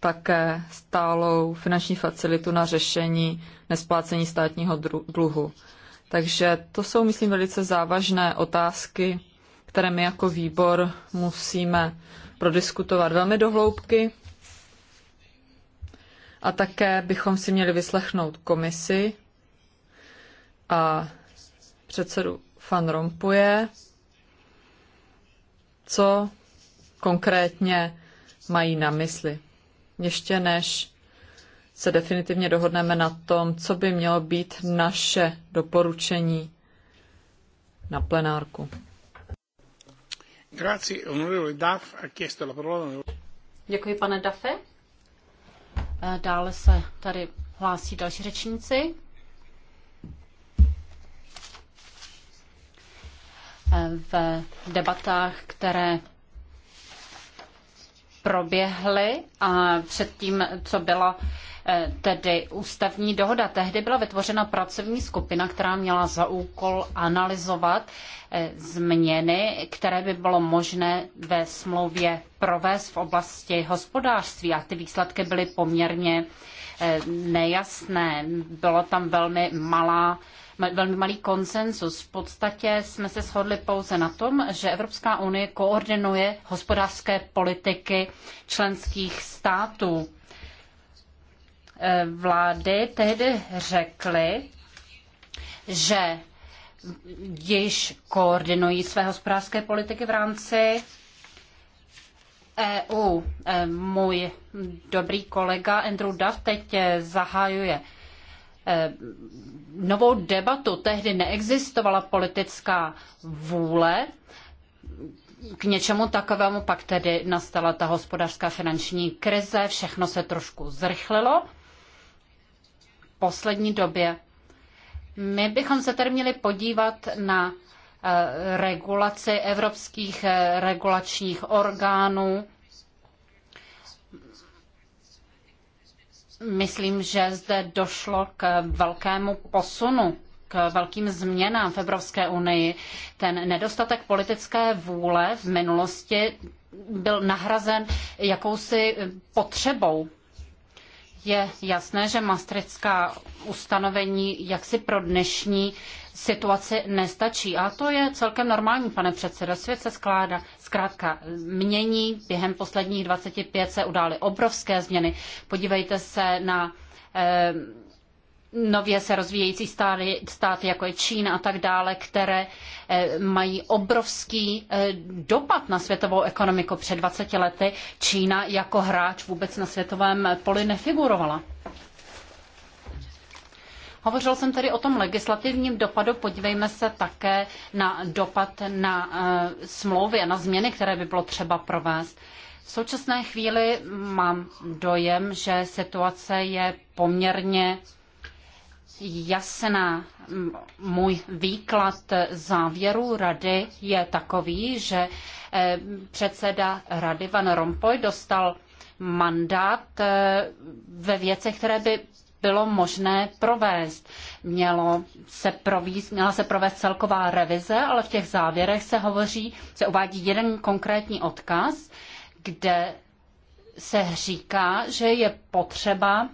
Speaker 2: také stálou finanční facilitu na řešení nesplácení státního dluhu. Takže to jsou, myslím, velice závažné otázky, které my jako výbor musíme prodiskutovat velmi dohloubky. A také bychom si měli vyslechnout komisi a předsedu Van Rompuje, co konkrétně mají na mysli. Ještě než se definitivně dohodneme na tom, co by mělo být naše doporučení na plenárku.
Speaker 3: Děkuji, pane Dafe. Dále se tady hlásí další řečníci. v debatách, které proběhly a předtím, co byla eh, tedy ústavní dohoda. Tehdy byla vytvořena pracovní skupina, která měla za úkol analyzovat eh, změny, které by bylo možné ve smlouvě provést v oblasti hospodářství a ty výsledky byly poměrně eh, nejasné. Bylo tam velmi malá velmi malý konsenzus. V podstatě jsme se shodli pouze na tom, že Evropská unie koordinuje hospodářské politiky členských států. E, vlády tehdy řekly, že již koordinují své hospodářské politiky v rámci EU. E, můj dobrý kolega Andrew Duff teď e, zahajuje Eh, novou debatu. Tehdy neexistovala politická vůle k něčemu takovému, pak tedy nastala ta hospodářská finanční krize, všechno se trošku zrychlilo. V poslední době my bychom se tedy měli podívat na eh, regulaci evropských eh, regulačních orgánů, Myslím, že zde došlo k velkému posunu k velkým změnám v Evropské unii. Ten nedostatek politické vůle v minulosti byl nahrazen jakousi potřebou. Je jasné, že maastrichtská ustanovení jaksi pro dnešní situaci nestačí. A to je celkem normální, pane předsedo. Svět se skládá, zkrátka mění. Během posledních 25 se udály obrovské změny. Podívejte se na eh, nově se rozvíjející státy, státy, jako je Čína a tak dále, které eh, mají obrovský eh, dopad na světovou ekonomiku. Před 20 lety Čína jako hráč vůbec na světovém poli nefigurovala. Hovořil jsem tedy o tom legislativním dopadu, podívejme se také na dopad na eh, smlouvy a na změny, které by bylo třeba provést. V současné chvíli mám dojem, že situace je poměrně jasná. Můj výklad závěru rady je takový, že eh, předseda rady Van Rompuy dostal mandát eh, ve věcech, které by bylo možné provést. Mělo se províst, měla se provést celková revize, ale v těch závěrech se hovoří, se uvádí jeden konkrétní odkaz, kde se říká, že je potřeba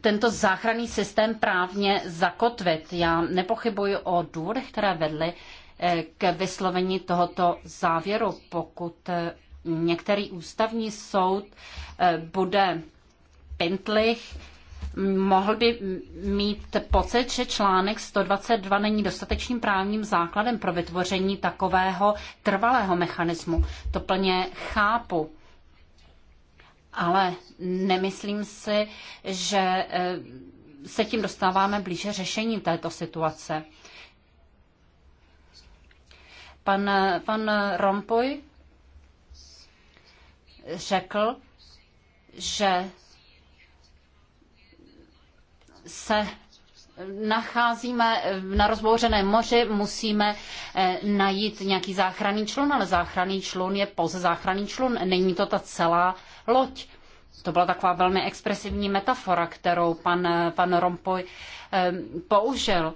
Speaker 3: tento záchranný systém právně zakotvit. Já nepochybuji o důvodech, které vedly eh, k vyslovení tohoto závěru, pokud eh, některý ústavní soud eh, bude pintlich, mohl by mít pocit, že článek 122 není dostatečným právním základem pro vytvoření takového trvalého mechanismu. To plně chápu. Ale nemyslím si, že eh, se tím dostáváme blíže řešení této situace. Pan, eh, pan Rompuy řekl, že se nacházíme na rozbouřeném moři, musíme eh, najít nějaký záchranný člun, ale záchranný člun je pouze záchranný člun, není to ta celá loď. To byla taková velmi expresivní metafora, kterou pan, pan Rompuy eh, použil.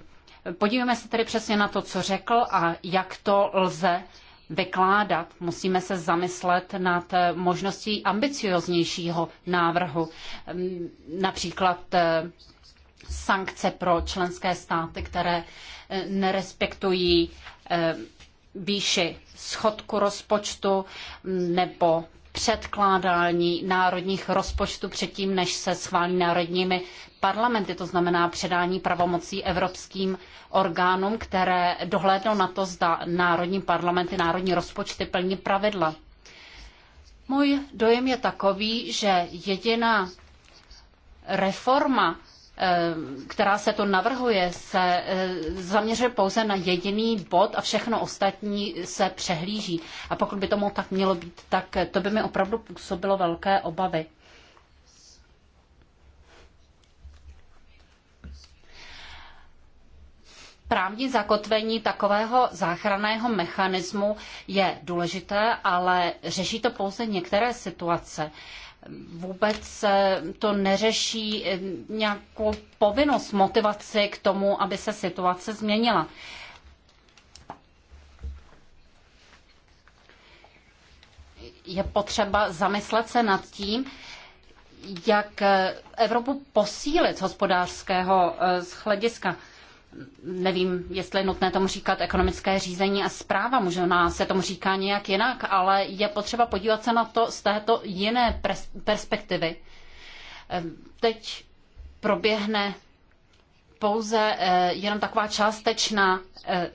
Speaker 3: Podívejme se tedy přesně na to, co řekl a jak to lze vykládat. Musíme se zamyslet nad eh, možností ambicioznějšího návrhu, ehm, například eh, sankce pro členské státy, které eh, nerespektují výši schodku rozpočtu mm, nebo předkládání národních rozpočtů předtím, než se schválí národními parlamenty, to znamená předání pravomocí evropským orgánům, které dohlédnou na to, zda národní parlamenty, národní rozpočty plní pravidla. Můj dojem je takový, že jediná reforma, eh, která se to navrhuje, se eh, zaměřuje pouze na jediný bod a všechno ostatní se přehlíží. A pokud by tomu tak mělo být, tak to by mi opravdu působilo velké obavy. Právní zakotvení takového záchranného mechanismu je důležité, ale řeší to pouze některé situace. Vůbec to neřeší eh, nějakou povinnost, motivaci k tomu, aby se situace změnila. Je potřeba zamyslet se nad tím, jak eh, Evropu posílit z hospodářského eh, z hlediska nevím, jestli je nutné tomu říkat ekonomické řízení a zpráva, možná se tomu říká nějak jinak, ale je potřeba podívat se na to z této jiné perspektivy. Ehm, teď proběhne pouze eh, jenom taková částečná eh,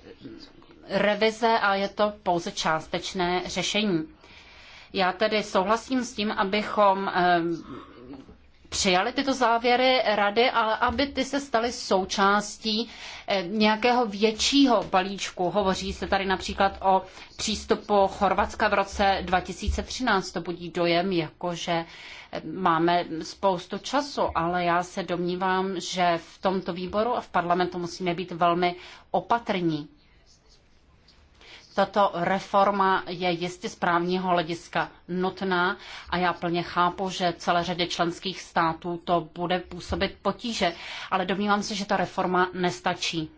Speaker 3: revize a je to pouze částečné řešení. Já tedy souhlasím s tím, abychom ehm, přijaly tyto závěry rady, ale aby ty se staly součástí eh, nějakého většího balíčku. Hovoří se tady například o přístupu Chorvatska v roce 2013. To budí dojem, jakože eh, máme spoustu času, ale já se domnívám, že v tomto výboru a v parlamentu musíme být velmi opatrní. Tato reforma je jistě z právního hlediska nutná a já plně chápu, že celé řadě členských států to bude působit potíže, ale domnívám se, že ta reforma nestačí.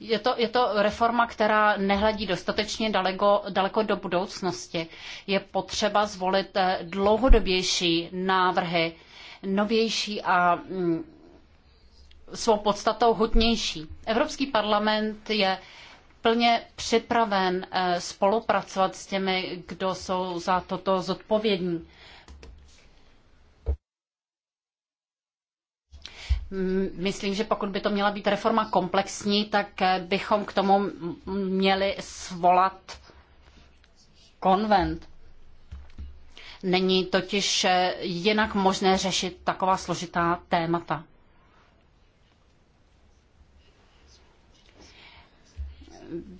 Speaker 3: Je to, je to reforma, která nehledí dostatečně daleko, daleko do budoucnosti. Je potřeba zvolit eh, dlouhodobější návrhy, novější a mm, svou podstatou hodnější. Evropský parlament je plně připraven eh, spolupracovat s těmi, kdo jsou za toto zodpovědní. Myslím, že pokud by to měla být reforma komplexní, tak eh, bychom k tomu měli svolat konvent. Není totiž eh, jinak možné řešit taková složitá témata.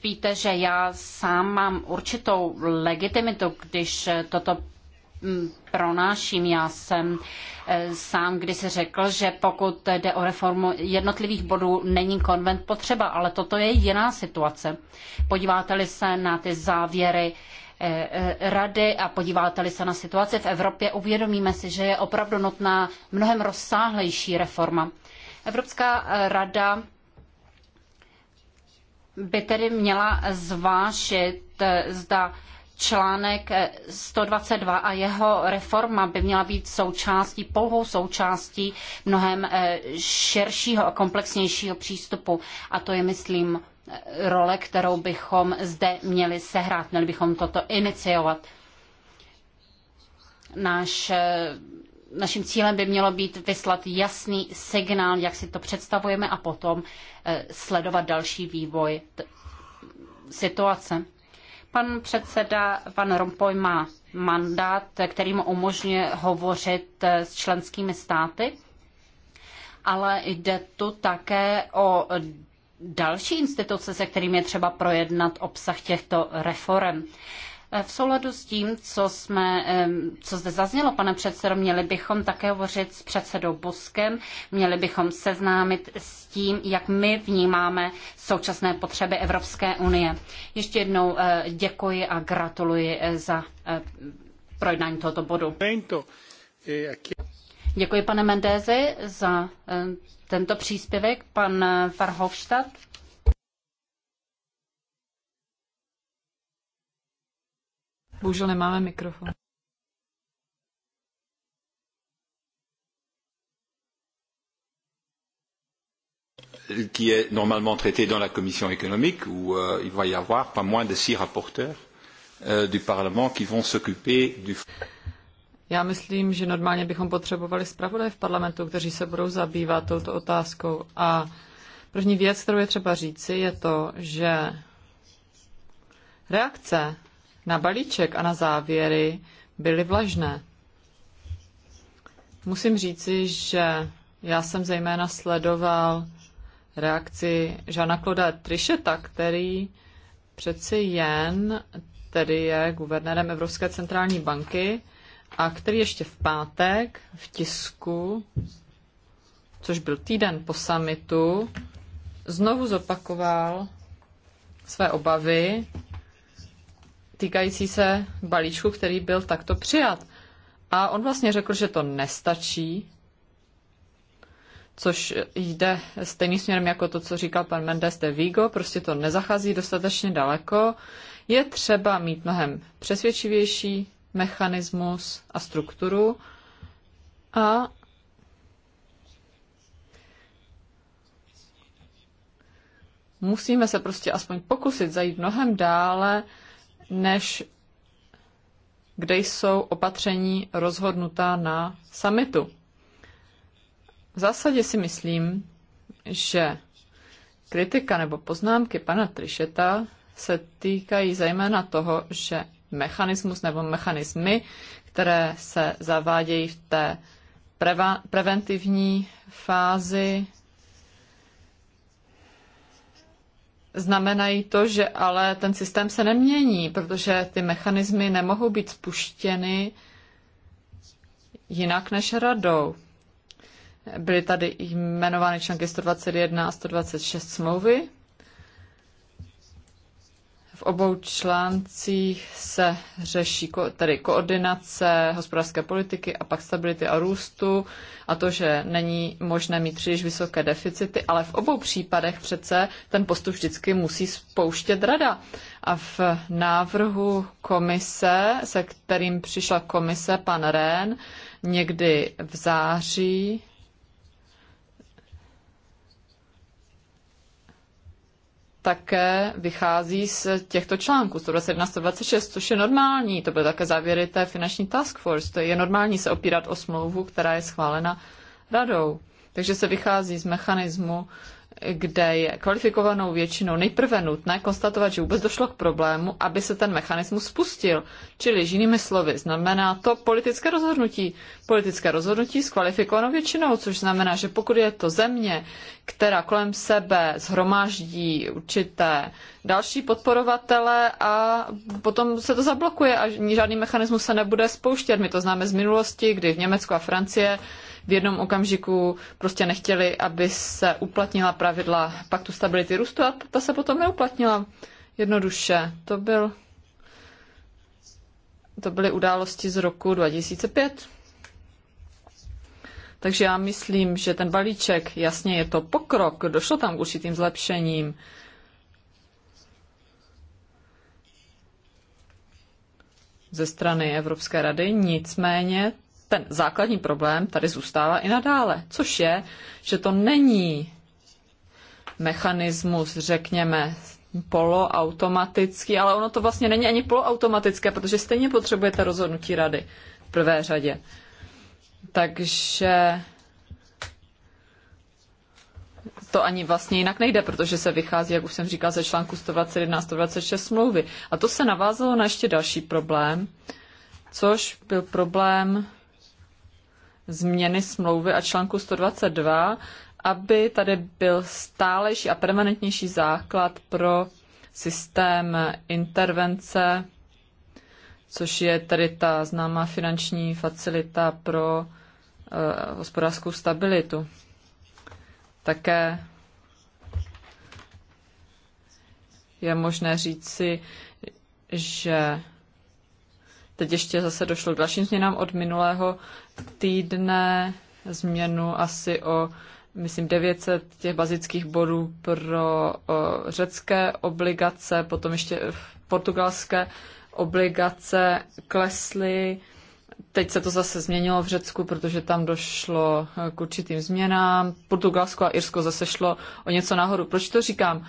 Speaker 3: víte, že já sám mám určitou legitimitu, když toto mm, pronáším. Já jsem eh, sám když řekl, že pokud jde o reformu jednotlivých bodů, není konvent potřeba, ale toto je jiná situace. Podíváte-li se na ty závěry eh, eh, rady a podíváte-li se na situaci v Evropě, uvědomíme si, že je opravdu nutná mnohem rozsáhlejší reforma. Evropská rada by tedy měla zvážit, eh, zda článek 122 eh, a jeho reforma by měla být součástí, pouhou součástí mnohem eh, širšího a komplexnějšího přístupu. A to je, myslím, role, kterou bychom zde měli sehrát. Měli bychom toto iniciovat. Náš naším cílem by mělo být vyslat jasný signál, jak si to představujeme a potom eh, sledovat další vývoj situace. Pan předseda Van Rompuy má mandát, který mu umožňuje hovořit eh, s členskými státy, ale jde tu také o další instituce, se kterými je třeba projednat obsah těchto reform. V souladu s tím, co, jsme, co zde zaznělo, pane předsedo, měli bychom také hovořit s předsedou Buskem, měli bychom seznámit s tím, jak my vnímáme současné potřeby Evropské unie. Ještě jednou eh, děkuji a gratuluji eh, za eh, projednání tohoto bodu. Děkuji, pane Mendézi, za tento příspěvek. Pan Farhofstadt. Bohužel nemáme mikrofon.
Speaker 2: qui est normalement traité dans la commission économique où euh, il va y avoir pas moins de six rapporteurs euh, du Parlement qui vont s'occuper du Já myslím, že normálně bychom potřebovali zpravodaje v parlamentu, kteří se budou zabývat touto otázkou. A první věc, kterou je třeba říci, je to, že reakce na balíček a na závěry byly vlažné. Musím říci, že já jsem zejména sledoval reakci Žana Kloda Trišeta, který přeci jen tedy je guvernérem Evropské centrální banky a který ještě v pátek v tisku, což byl týden po samitu, znovu zopakoval své obavy týkající se balíčku, který byl takto přijat. A on vlastně řekl, že to nestačí, což jde stejným směrem jako to, co říkal pan Mendes de Vigo, prostě to nezachází dostatečně daleko. Je třeba mít mnohem přesvědčivější mechanismus a strukturu a musíme se prostě aspoň pokusit zajít mnohem dále než kde jsou opatření rozhodnutá na samitu. V zásadě si myslím, že kritika nebo poznámky pana Trišeta se týkají zejména toho, že mechanismus nebo mechanismy, které se zavádějí v té preventivní fázi znamenají to, že ale ten systém se nemění, protože ty mechanismy nemohou být spuštěny jinak než radou. Byly tady jmenovány články 121 a 126 smlouvy, v obou článcích se řeší tedy koordinace hospodářské politiky a pak stability a růstu a to, že není možné mít příliš vysoké deficity, ale v obou případech přece ten postup vždycky musí spouštět rada. A v návrhu komise, se kterým přišla komise pan Rén, někdy v září také vychází z těchto článků 121 126, což je normální. To byly také závěry té finanční task force. To je normální se opírat o smlouvu, která je schválena radou. Takže se vychází z mechanismu, kde je kvalifikovanou většinou nejprve nutné konstatovat, že vůbec došlo k problému, aby se ten mechanismus spustil. Čili jinými slovy, znamená to politické rozhodnutí. Politické rozhodnutí s kvalifikovanou většinou, což znamená, že pokud je to země, která kolem sebe zhromáždí určité další podporovatele a potom se to zablokuje a žádný mechanismus se nebude spouštět. My to známe z minulosti, kdy v Německu a Francie v jednom okamžiku prostě nechtěli, aby se uplatnila pravidla paktu stability růstu a ta se potom neuplatnila jednoduše. To, byl, to byly události z roku 2005. Takže já myslím, že ten balíček, jasně je to pokrok, došlo tam k určitým zlepšením. ze strany Evropské rady, nicméně ten základní problém tady zůstává i nadále, což je, že to není mechanismus, řekněme, poloautomatický, ale ono to vlastně není ani poloautomatické, protože stejně potřebujete rozhodnutí rady v prvé řadě. Takže to ani vlastně jinak nejde, protože se vychází, jak už jsem říkal, ze článku 121 126 smlouvy. A to se navázalo na ještě další problém, což byl problém změny smlouvy a článku 122, aby tady byl stálejší a permanentnější základ pro systém intervence, což je tedy ta známá finanční facilita pro uh, hospodářskou stabilitu. Také je možné říci, že teď ještě zase došlo k dalším změnám od minulého týdne změnu asi o, myslím, 900 těch bazických bodů pro řecké obligace, potom ještě portugalské obligace klesly. Teď se to zase změnilo v Řecku, protože tam došlo e, k určitým změnám. Portugalsko a Irsko zase šlo o něco nahoru. Proč to říkám?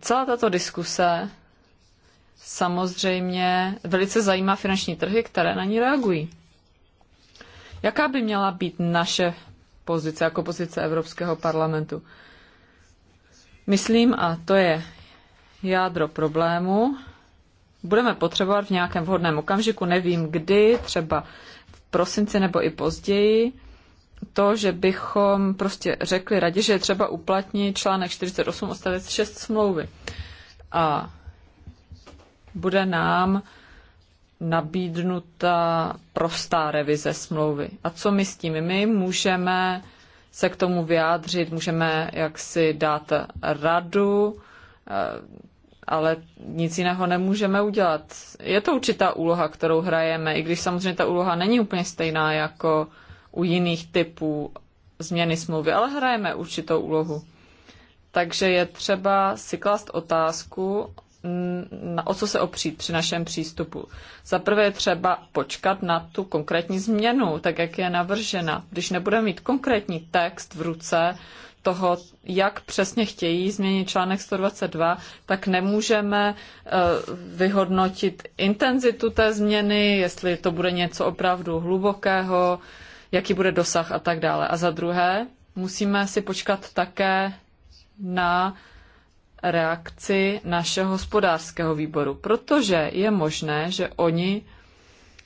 Speaker 2: Celá tato diskuse samozřejmě velice zajímá finanční trhy, které na ní reagují. Jaká by měla být naše pozice jako pozice Evropského parlamentu? Myslím, a to je jádro problému, budeme potřebovat v nějakém vhodném okamžiku, nevím kdy, třeba v prosinci nebo i později, to, že bychom prostě řekli radě, že je třeba uplatnit článek 48 odstavec 6 smlouvy. A bude nám nabídnuta prostá revize smlouvy. A co my s tím? My můžeme se k tomu vyjádřit, můžeme jaksi dát radu, eh, ale nic jiného nemůžeme udělat. Je to určitá úloha, kterou hrajeme, i když samozřejmě ta úloha není úplně stejná jako u jiných typů změny smlouvy, ale hrajeme určitou úlohu. Takže je třeba si klást otázku, Mm, o co se opřít při našem přístupu. Za prvé je třeba počkat na tu konkrétní změnu, tak jak je navržena. Když nebudeme mít konkrétní text v ruce toho, jak přesně chtějí změnit článek 122, tak nemůžeme eh, vyhodnotit intenzitu té změny, jestli to bude něco opravdu hlubokého, jaký bude dosah a tak dále. A za druhé, musíme si počkat také na reakci našeho hospodářského výboru, protože je možné, že oni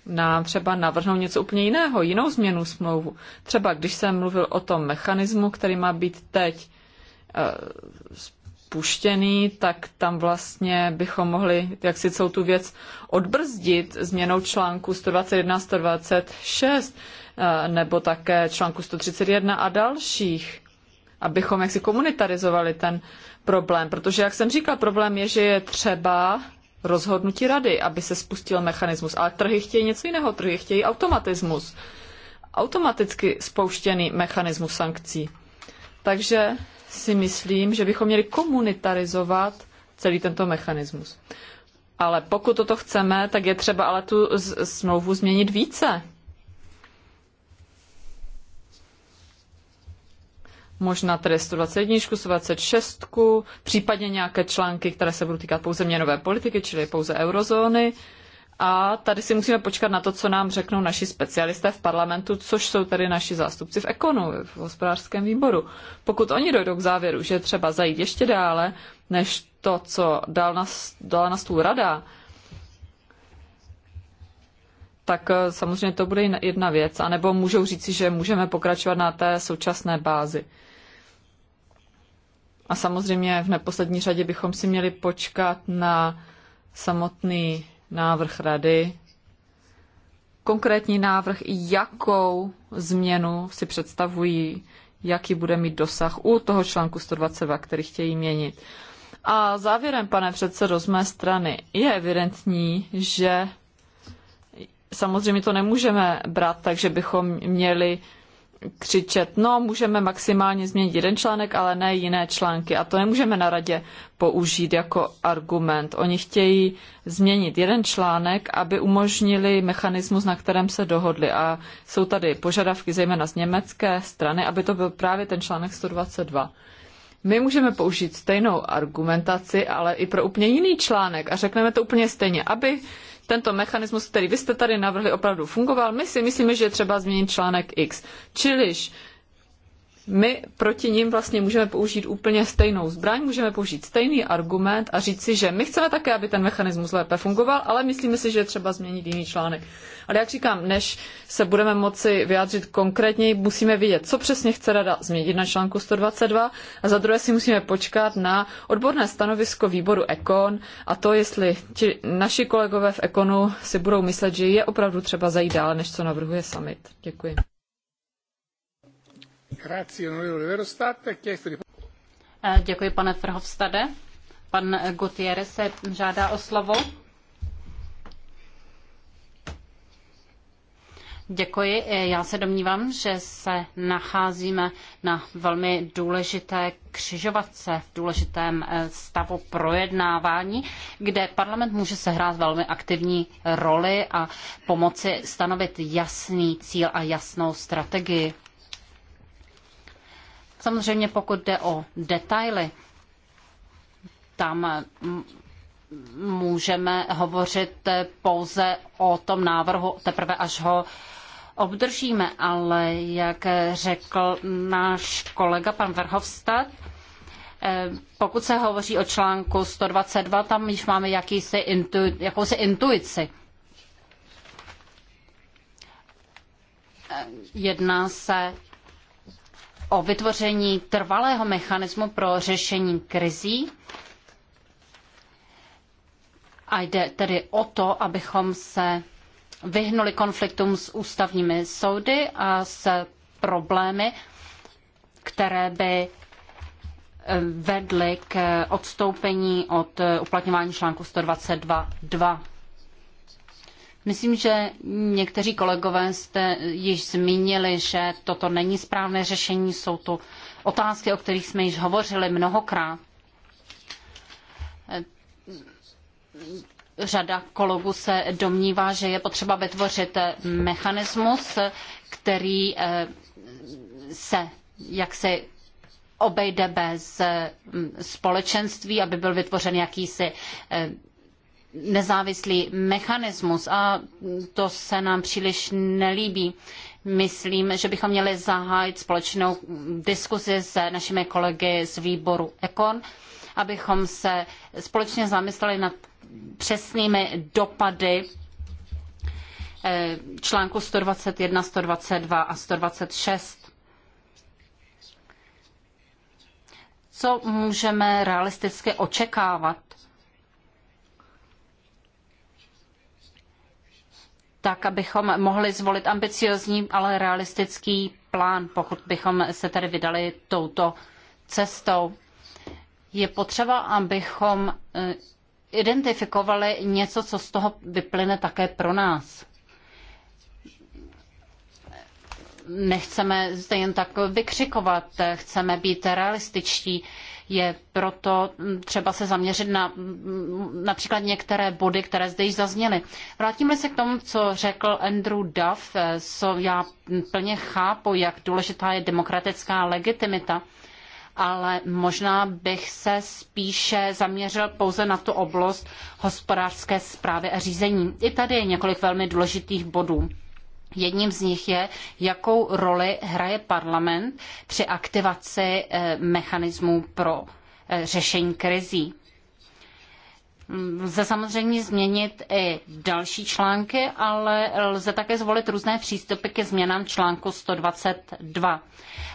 Speaker 2: nám třeba navrhnou něco úplně jiného, jinou změnu smlouvu. Třeba když jsem mluvil o tom mechanismu, který má být teď eh, spuštěný, tak tam vlastně bychom mohli jak si celou tu věc odbrzdit změnou článku 121, 126 eh, nebo také článku 131 a dalších abychom jaksi komunitarizovali ten problém, protože, jak jsem říkal, problém je, že je třeba rozhodnutí rady, aby se spustil mechanismus. Ale trhy chtějí něco jiného, trhy chtějí automatismus. Automaticky spouštěný mechanismus sankcí. Takže si myslím, že bychom měli komunitarizovat celý tento mechanismus. Ale pokud toto chceme, tak je třeba ale tu smlouvu změnit více. možná tedy 121, 126, případně nějaké články, které se budou týkat pouze měnové politiky, čili pouze eurozóny. A tady si musíme počkat na to, co nám řeknou naši specialisté v parlamentu, což jsou tedy naši zástupci v ekonu, v hospodářském výboru. Pokud oni dojdou k závěru, že třeba zajít ještě dále, než to, co dal na, dala na stůl rada, tak eh, samozřejmě to bude jedna věc. A nebo můžou říci, že můžeme pokračovat na té současné bázi. A samozřejmě v neposlední řadě bychom si měli počkat na samotný návrh rady, konkrétní návrh, jakou změnu si představují, jaký bude mít dosah u toho článku 122, který chtějí měnit. A závěrem, pane předsedo, z mé strany je evidentní, že samozřejmě to nemůžeme brát tak, že bychom měli křičet, no můžeme maximálně změnit jeden článek, ale ne jiné články. A to nemůžeme na radě použít jako argument. Oni chtějí změnit jeden článek, aby umožnili mechanismus, na kterém se dohodli. A jsou tady požadavky zejména z německé strany, aby to byl právě ten článek 122. My můžeme použít stejnou argumentaci, ale i pro úplně jiný článek a řekneme to úplně stejně, aby tento mechanismus, který vy jste tady navrhli, opravdu fungoval. My si myslíme, že je třeba změnit článek X. Čiliž my proti ním vlastně můžeme použít úplně stejnou zbraň, můžeme použít stejný argument a říci, že my chceme také, aby ten mechanismus lépe fungoval, ale myslíme si, že je třeba změnit jiný článek. Ale jak říkám, než se budeme moci vyjádřit konkrétněji, musíme vidět, co přesně chce rada změnit na článku 122 a za druhé si musíme počkat na odborné stanovisko výboru Ekon a to, jestli ti naši kolegové v Ekonu si budou myslet, že je opravdu třeba zajít dále, než co navrhuje
Speaker 3: summit. Děkuji. Eh, děkuji, pane Verhofstadte. Pan Gutierrez se žádá o slovo. Děkuji. Eh, já se domnívám, že se nacházíme na velmi důležité křižovatce v důležitém eh, stavu projednávání, kde parlament může sehrát velmi aktivní roli a pomoci stanovit jasný cíl a jasnou strategii. Samozřejmě pokud jde o detaily, tam mm, můžeme hovořit eh, pouze o tom návrhu teprve, až ho obdržíme, ale jak eh, řekl náš kolega pan Verhofstadt, eh, pokud se hovoří o článku 122, tam již máme jakýsi intu, jakousi intuici. Jedná se o vytvoření trvalého mechanismu pro řešení krizí. A jde tedy o to, abychom se vyhnuli konfliktům s ústavními soudy a s problémy, které by eh, vedly k odstoupení od eh, uplatňování článku 122.2. Myslím, že někteří kolegové jste již zmínili, že toto není správné řešení, jsou to otázky, o kterých jsme již hovořili mnohokrát. Řada kolegů se domnívá, že je potřeba vytvořit mechanismus, který eh, se jak se obejde bez mm, společenství, aby byl vytvořen jakýsi eh, nezávislý mechanismus a to se nám příliš nelíbí. Myslím, že bychom měli zahájit společnou diskuzi s našimi kolegy z výboru Ekon, abychom se společně zamysleli nad přesnými dopady eh, článku 121, 122 a 126. Co můžeme realisticky očekávat? tak abychom mohli zvolit ambiciozní, ale realistický plán, pokud bychom se tedy vydali touto cestou. Je potřeba, abychom eh, identifikovali něco, co z toho vyplyne také pro nás. nechceme zde jen tak vykřikovat, chceme být realističtí. Je proto třeba se zaměřit na například některé body, které zde již zazněly. Vrátíme se k tomu, co řekl Andrew Duff, co já plně chápu, jak důležitá je demokratická legitimita ale možná bych se spíše zaměřil pouze na tu oblast hospodářské správy a řízení. I tady je několik velmi důležitých bodů. Jedním z nich je, jakou roli hraje parlament při aktivaci eh, mechanismů pro eh, řešení krizí. Lze samozřejmě změnit i další články, ale lze také zvolit různé přístupy ke změnám článku 122.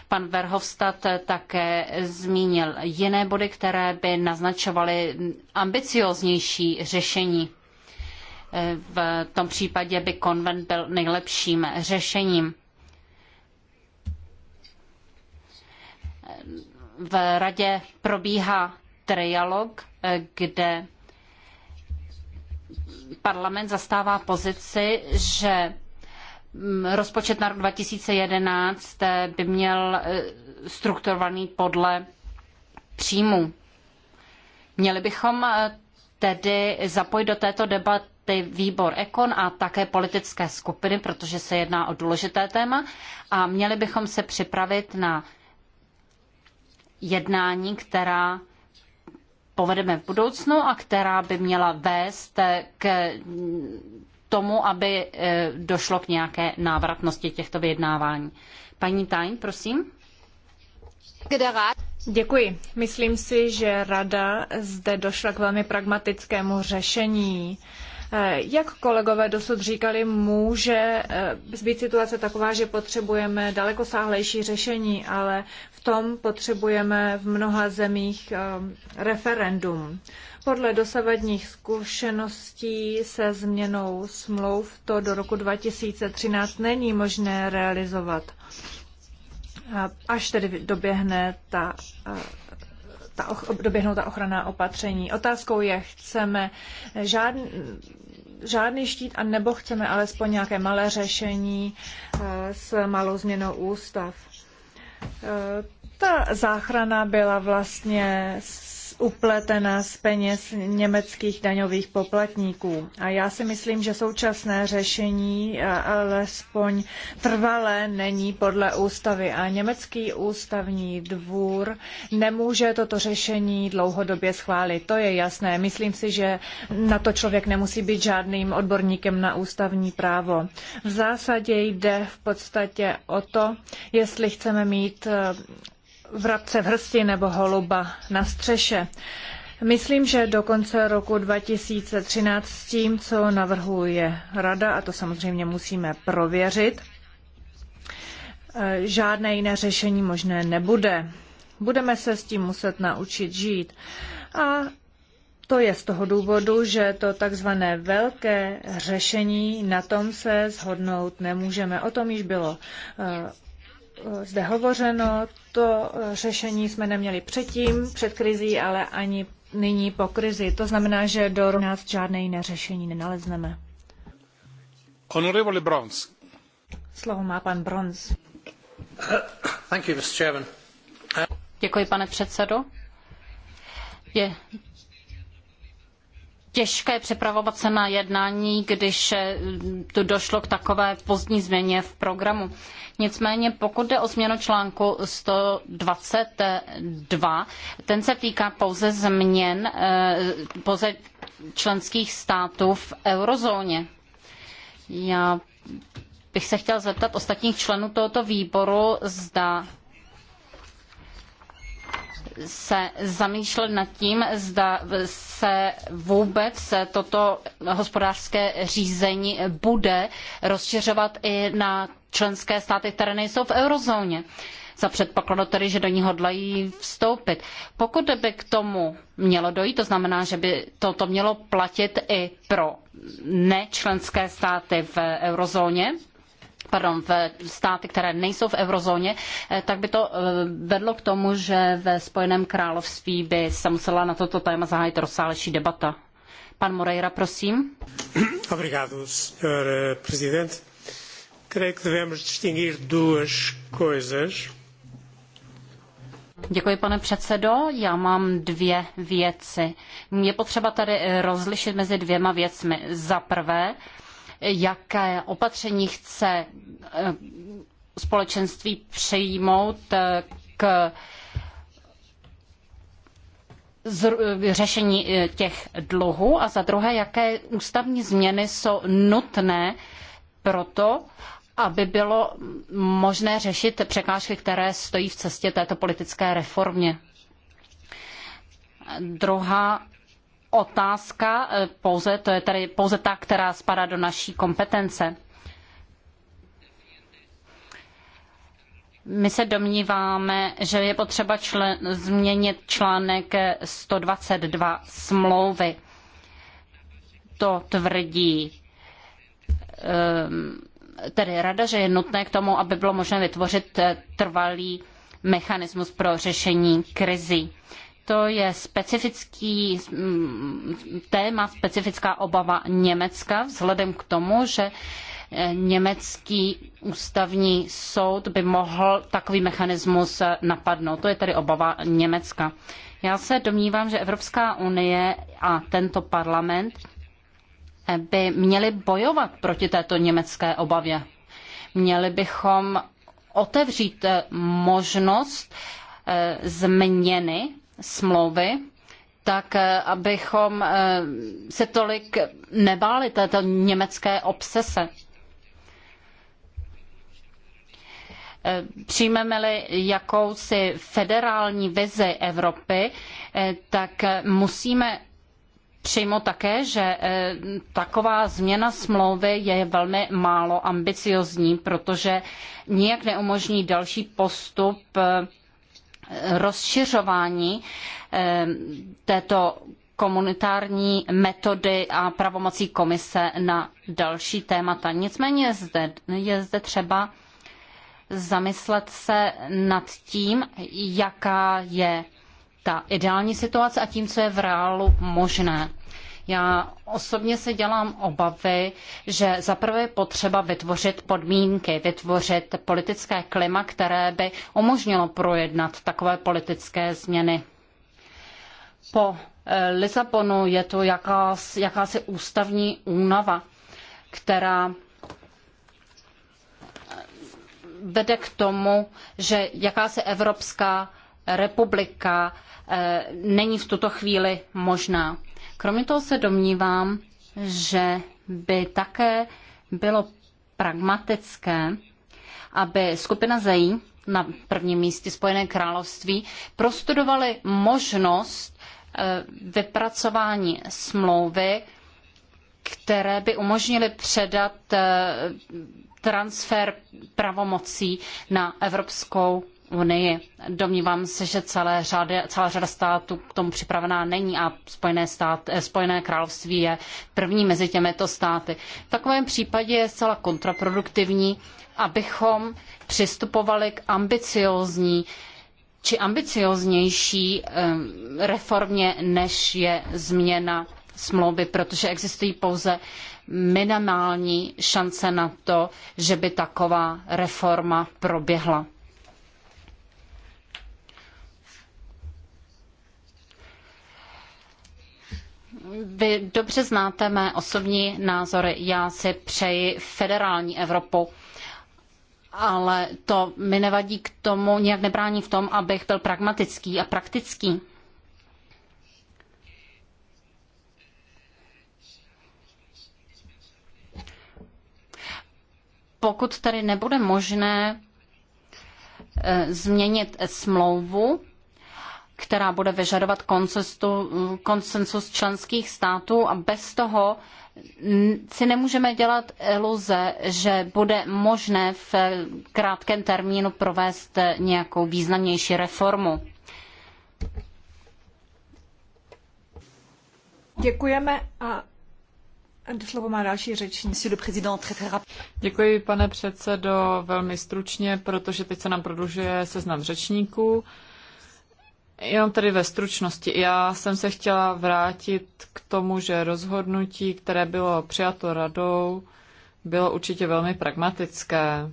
Speaker 3: Pan Verhofstadt také zmínil jiné body, které by naznačovaly ambicioznější řešení. V tom případě by konvent byl nejlepším řešením. V radě probíhá trialog, kde parlament zastává pozici, že rozpočet na rok 2011 by měl eh, strukturovaný podle příjmů. Měli bychom eh, tedy zapojit do této debaty ty výbor Ekon a také politické skupiny, protože se jedná o důležité téma a měli bychom se připravit na jednání, která povedeme v budoucnu a která by měla vést k tomu, aby eh, došlo k nějaké návratnosti těchto vyjednávání. Paní Tajn, prosím.
Speaker 1: Děkuji. Myslím si, že rada zde došla k velmi pragmatickému řešení. Uh, Eh, jak kolegové dosud říkali, může eh, být situace taková, že potřebujeme daleko sáhlejší řešení, ale v tom potřebujeme v mnoha zemích eh, referendum. Podle dosavadních zkušeností se změnou smlouv to do roku 2013 není možné realizovat, až tedy doběhne ta ta, doběhnou ta ochranná opatření. Otázkou je, chceme žádný, žádný štít a nebo chceme alespoň nějaké malé řešení eh, s malou změnou ústav. Eh, ta záchrana byla vlastně upletena z peněz německých daňových poplatníků. A já si myslím, že současné řešení eh, alespoň trvalé není podle ústavy a německý ústavní dvůr nemůže toto řešení dlouhodobě schválit. To je jasné. Myslím si, že na to člověk nemusí být žádným odborníkem na ústavní právo. V zásadě jde v podstatě o to, jestli chceme mít eh, vrabce v hrsti nebo holuba na střeše. Myslím, že do konce roku 2013 s tím, co navrhuje Rada, a to samozřejmě musíme prověřit, eh, žádné jiné řešení možné nebude. Budeme se s tím muset naučit žít. A to je z toho důvodu, že to takzvané velké řešení, na tom se shodnout nemůžeme. O tom již bylo eh, zde hovořeno. To řešení jsme neměli předtím, před krizí, ale ani nyní po krizi. To znamená, že do nás žádné jiné řešení nenalezneme.
Speaker 2: Honorable Bronz.
Speaker 3: Slovo má pan Bronz.
Speaker 1: Thank you, Mr.
Speaker 3: Děkuji, pane předsedo. Je těžké připravovat se na jednání, když eh, tu došlo k takové pozdní změně v programu. Nicméně pokud jde o změnu článku 122, ten se týká pouze změn eh, pouze členských států v eurozóně. Já bych se chtěl zeptat ostatních členů tohoto výboru, zda se zamýšlet nad tím, zda se vůbec toto hospodářské řízení bude rozšiřovat i na členské státy, které nejsou v eurozóně za předpokladu tedy, že do ní hodlají vstoupit. Pokud by k tomu mělo dojít, to znamená, že by toto mělo platit i pro nečlenské státy v eurozóně, pardon, v státy, které nejsou v eurozóně, eh, tak by to eh, vedlo k tomu, že ve Spojeném království by se musela na toto téma zahájit rozsálejší debata. Pan Moreira, prosím. Obrigado, senhor eh, Creio que devemos distinguir duas coisas. Děkuji, pane předsedo. Já mám dvě věci. Je potřeba tady rozlišit mezi dvěma věcmi. Za prvé, jaké opatření chce eh, společenství přijmout eh, k eh, řešení těch dluhů a za druhé, jaké ústavní změny jsou nutné pro to, aby bylo možné řešit překážky, které stojí v cestě této politické reformě. Druhá otázka, eh, pouze, to je tedy pouze ta, která spadá do naší kompetence. My se domníváme, že je potřeba člen, změnit článek 122 smlouvy. To tvrdí eh, tedy rada, že je nutné k tomu, aby bylo možné vytvořit eh, trvalý mechanismus pro řešení krizí to je specifický mm, téma, specifická obava Německa vzhledem k tomu, že eh, německý ústavní soud by mohl takový mechanismus eh, napadnout. To je tedy obava Německa. Já se domnívám, že Evropská unie a tento parlament eh, by měli bojovat proti této německé obavě. Měli bychom otevřít možnost změny smlouvy, tak eh, abychom eh, se tolik nebáli této německé obsese. Eh, přijmeme-li jakousi federální vizi Evropy, tak musíme přijmout také, že taková změna smlouvy je velmi málo ambiciozní, protože nijak neumožní další postup rozšiřování eh, této komunitární metody a pravomocí komise na další témata. Nicméně je zde, je zde třeba zamyslet se nad tím, jaká je ta ideální situace a tím, co je v reálu možné. Já osobně se dělám obavy, že zaprvé je potřeba vytvořit podmínky, vytvořit politické klima, které by umožnilo projednat takové politické změny. Po eh, Lisabonu je to jakás, jakási ústavní únava, která eh, vede k tomu, že jakási Evropská republika eh, není v tuto chvíli možná. Kromě toho se domnívám, že by také bylo pragmatické, aby skupina ZEI na prvním místě Spojené království prostudovali možnost eh, vypracování smlouvy, které by umožnily předat eh, transfer pravomocí na Evropskou unii. Domnívám se, že celé řady, celá řada států k tomu připravená není a Spojené, stát, eh, Spojené království je první mezi těmito státy. V takovém případě je zcela kontraproduktivní, abychom přistupovali k ambiciózní či ambicioznější ehm, reformě, než je změna smlouvy, protože existují pouze minimální šance na to, že by taková reforma proběhla. Vy dobře znáte mé osobní názory. Já si přeji federální Evropu, ale to mi nevadí k tomu, nějak nebrání v tom, abych byl pragmatický a praktický. Pokud tady nebude možné eh, změnit smlouvu, která bude vyžadovat koncestu, konsensus členských států a bez toho si nemůžeme dělat iluze, že bude možné v krátkém termínu provést nějakou významnější reformu.
Speaker 2: Děkujeme a Slovo má další řečník. Děkuji, pane předsedo, velmi stručně, protože teď se nám prodlužuje seznam řečníků. Jenom tady ve stručnosti. Já jsem se chtěla vrátit k tomu, že rozhodnutí, které bylo přijato radou, bylo určitě velmi pragmatické.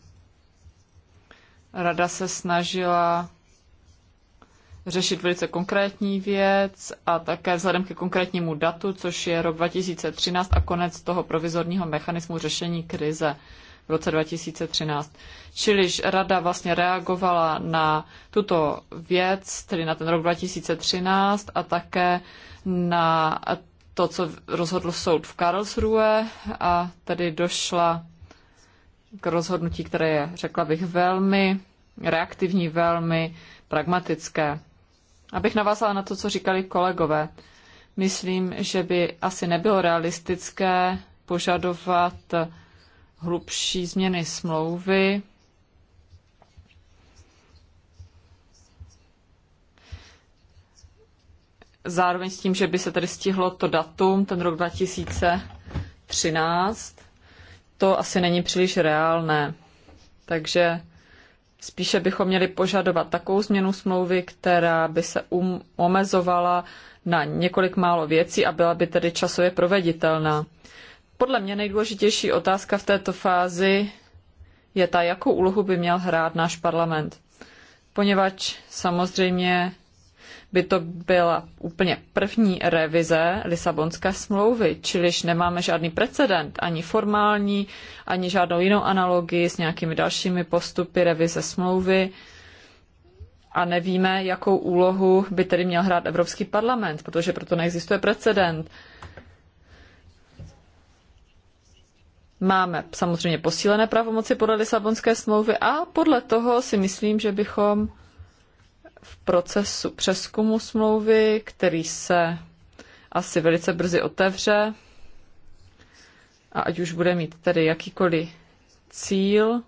Speaker 2: Rada se snažila řešit velice konkrétní věc a také vzhledem ke konkrétnímu datu, což je rok 2013 a konec toho provizorního mechanismu řešení krize v roce 2013. Čiliž rada vlastně reagovala na tuto věc, tedy na ten rok 2013 a také na to, co rozhodl soud v Karlsruhe a tedy došla k rozhodnutí, které je, řekla bych, velmi reaktivní, velmi pragmatické. Abych navázala na to, co říkali kolegové, myslím, že by asi nebylo realistické požadovat hlubší změny smlouvy. Zároveň s tím, že by se tady stihlo to datum, ten rok 2013, to asi není příliš reálné. Takže spíše bychom měli požadovat takovou změnu smlouvy, která by se um, omezovala na několik málo věcí a byla by tedy časově proveditelná. Podle mě nejdůležitější otázka v této fázi je ta, jakou úlohu by měl hrát náš parlament. Poněvadž samozřejmě by to byla úplně první revize Lisabonské smlouvy, čiliž nemáme žádný precedent, ani formální, ani žádnou jinou analogii s nějakými dalšími postupy revize smlouvy a nevíme, jakou úlohu by tedy měl hrát Evropský parlament, protože proto neexistuje precedent. Máme samozřejmě posílené pravomoci podle Lisabonské smlouvy a podle toho si myslím, že bychom v procesu přeskumu smlouvy, který se asi velice brzy otevře, a ať už bude mít tedy jakýkoliv cíl,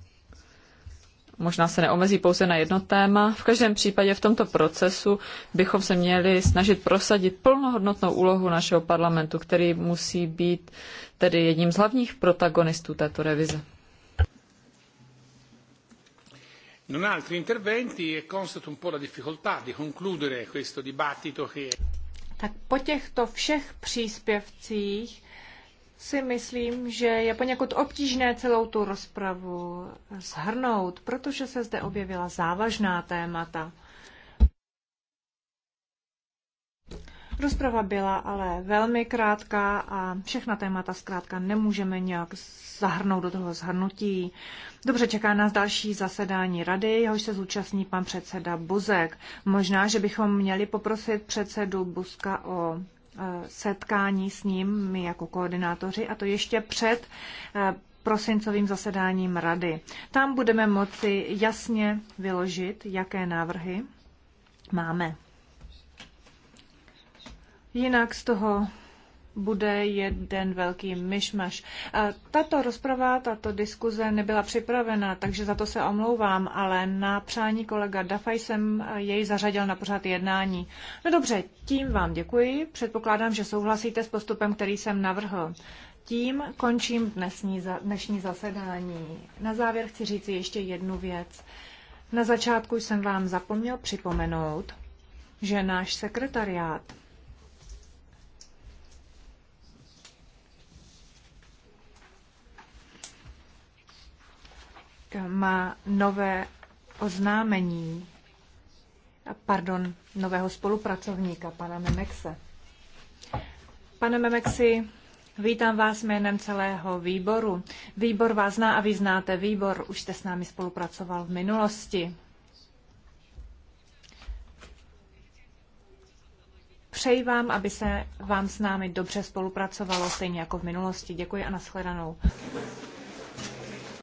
Speaker 2: možná se neomezí pouze na jedno téma. V každém případě v tomto procesu bychom se měli snažit prosadit plnohodnotnou úlohu našeho parlamentu, který musí být tedy jedním z hlavních protagonistů této revize. Non altri interventi e constato un po' la difficoltà di concludere questo dibattito che...
Speaker 1: Tak po těchto všech příspěvcích si myslím, že je poněkud obtížné celou tu rozpravu shrnout, protože se zde objevila závažná témata. Rozprava byla ale velmi krátká a všechna témata zkrátka nemůžeme nějak zahrnout do toho zhrnutí. Dobře, čeká nás další zasedání rady, jehož se zúčastní pan předseda Buzek. Možná, že bychom měli poprosit předsedu Buzka o setkání s ním, my jako koordinátoři, a to ještě před eh, prosincovým zasedáním rady. Tam budeme moci jasně vyložit, jaké návrhy máme. Jinak z toho bude jeden velký myšmaš. Tato rozprava, tato diskuze nebyla připravena, takže za to se omlouvám, ale na přání kolega Dafaj jsem jej zařadil na pořád jednání. No dobře, tím vám děkuji. Předpokládám, že souhlasíte s postupem, který jsem navrhl. Tím končím dnesní, dnešní zasedání. Na závěr chci říct ještě jednu věc. Na začátku jsem vám zapomněl připomenout, že náš sekretariát má nové oznámení, pardon, nového spolupracovníka, pana Memexe. Pane Memexi, vítám vás jménem celého výboru. Výbor vás zná a vy znáte výbor, už jste s námi spolupracoval v minulosti. Přeji vám, aby se vám s námi dobře spolupracovalo, stejně jako v minulosti. Děkuji a nashledanou.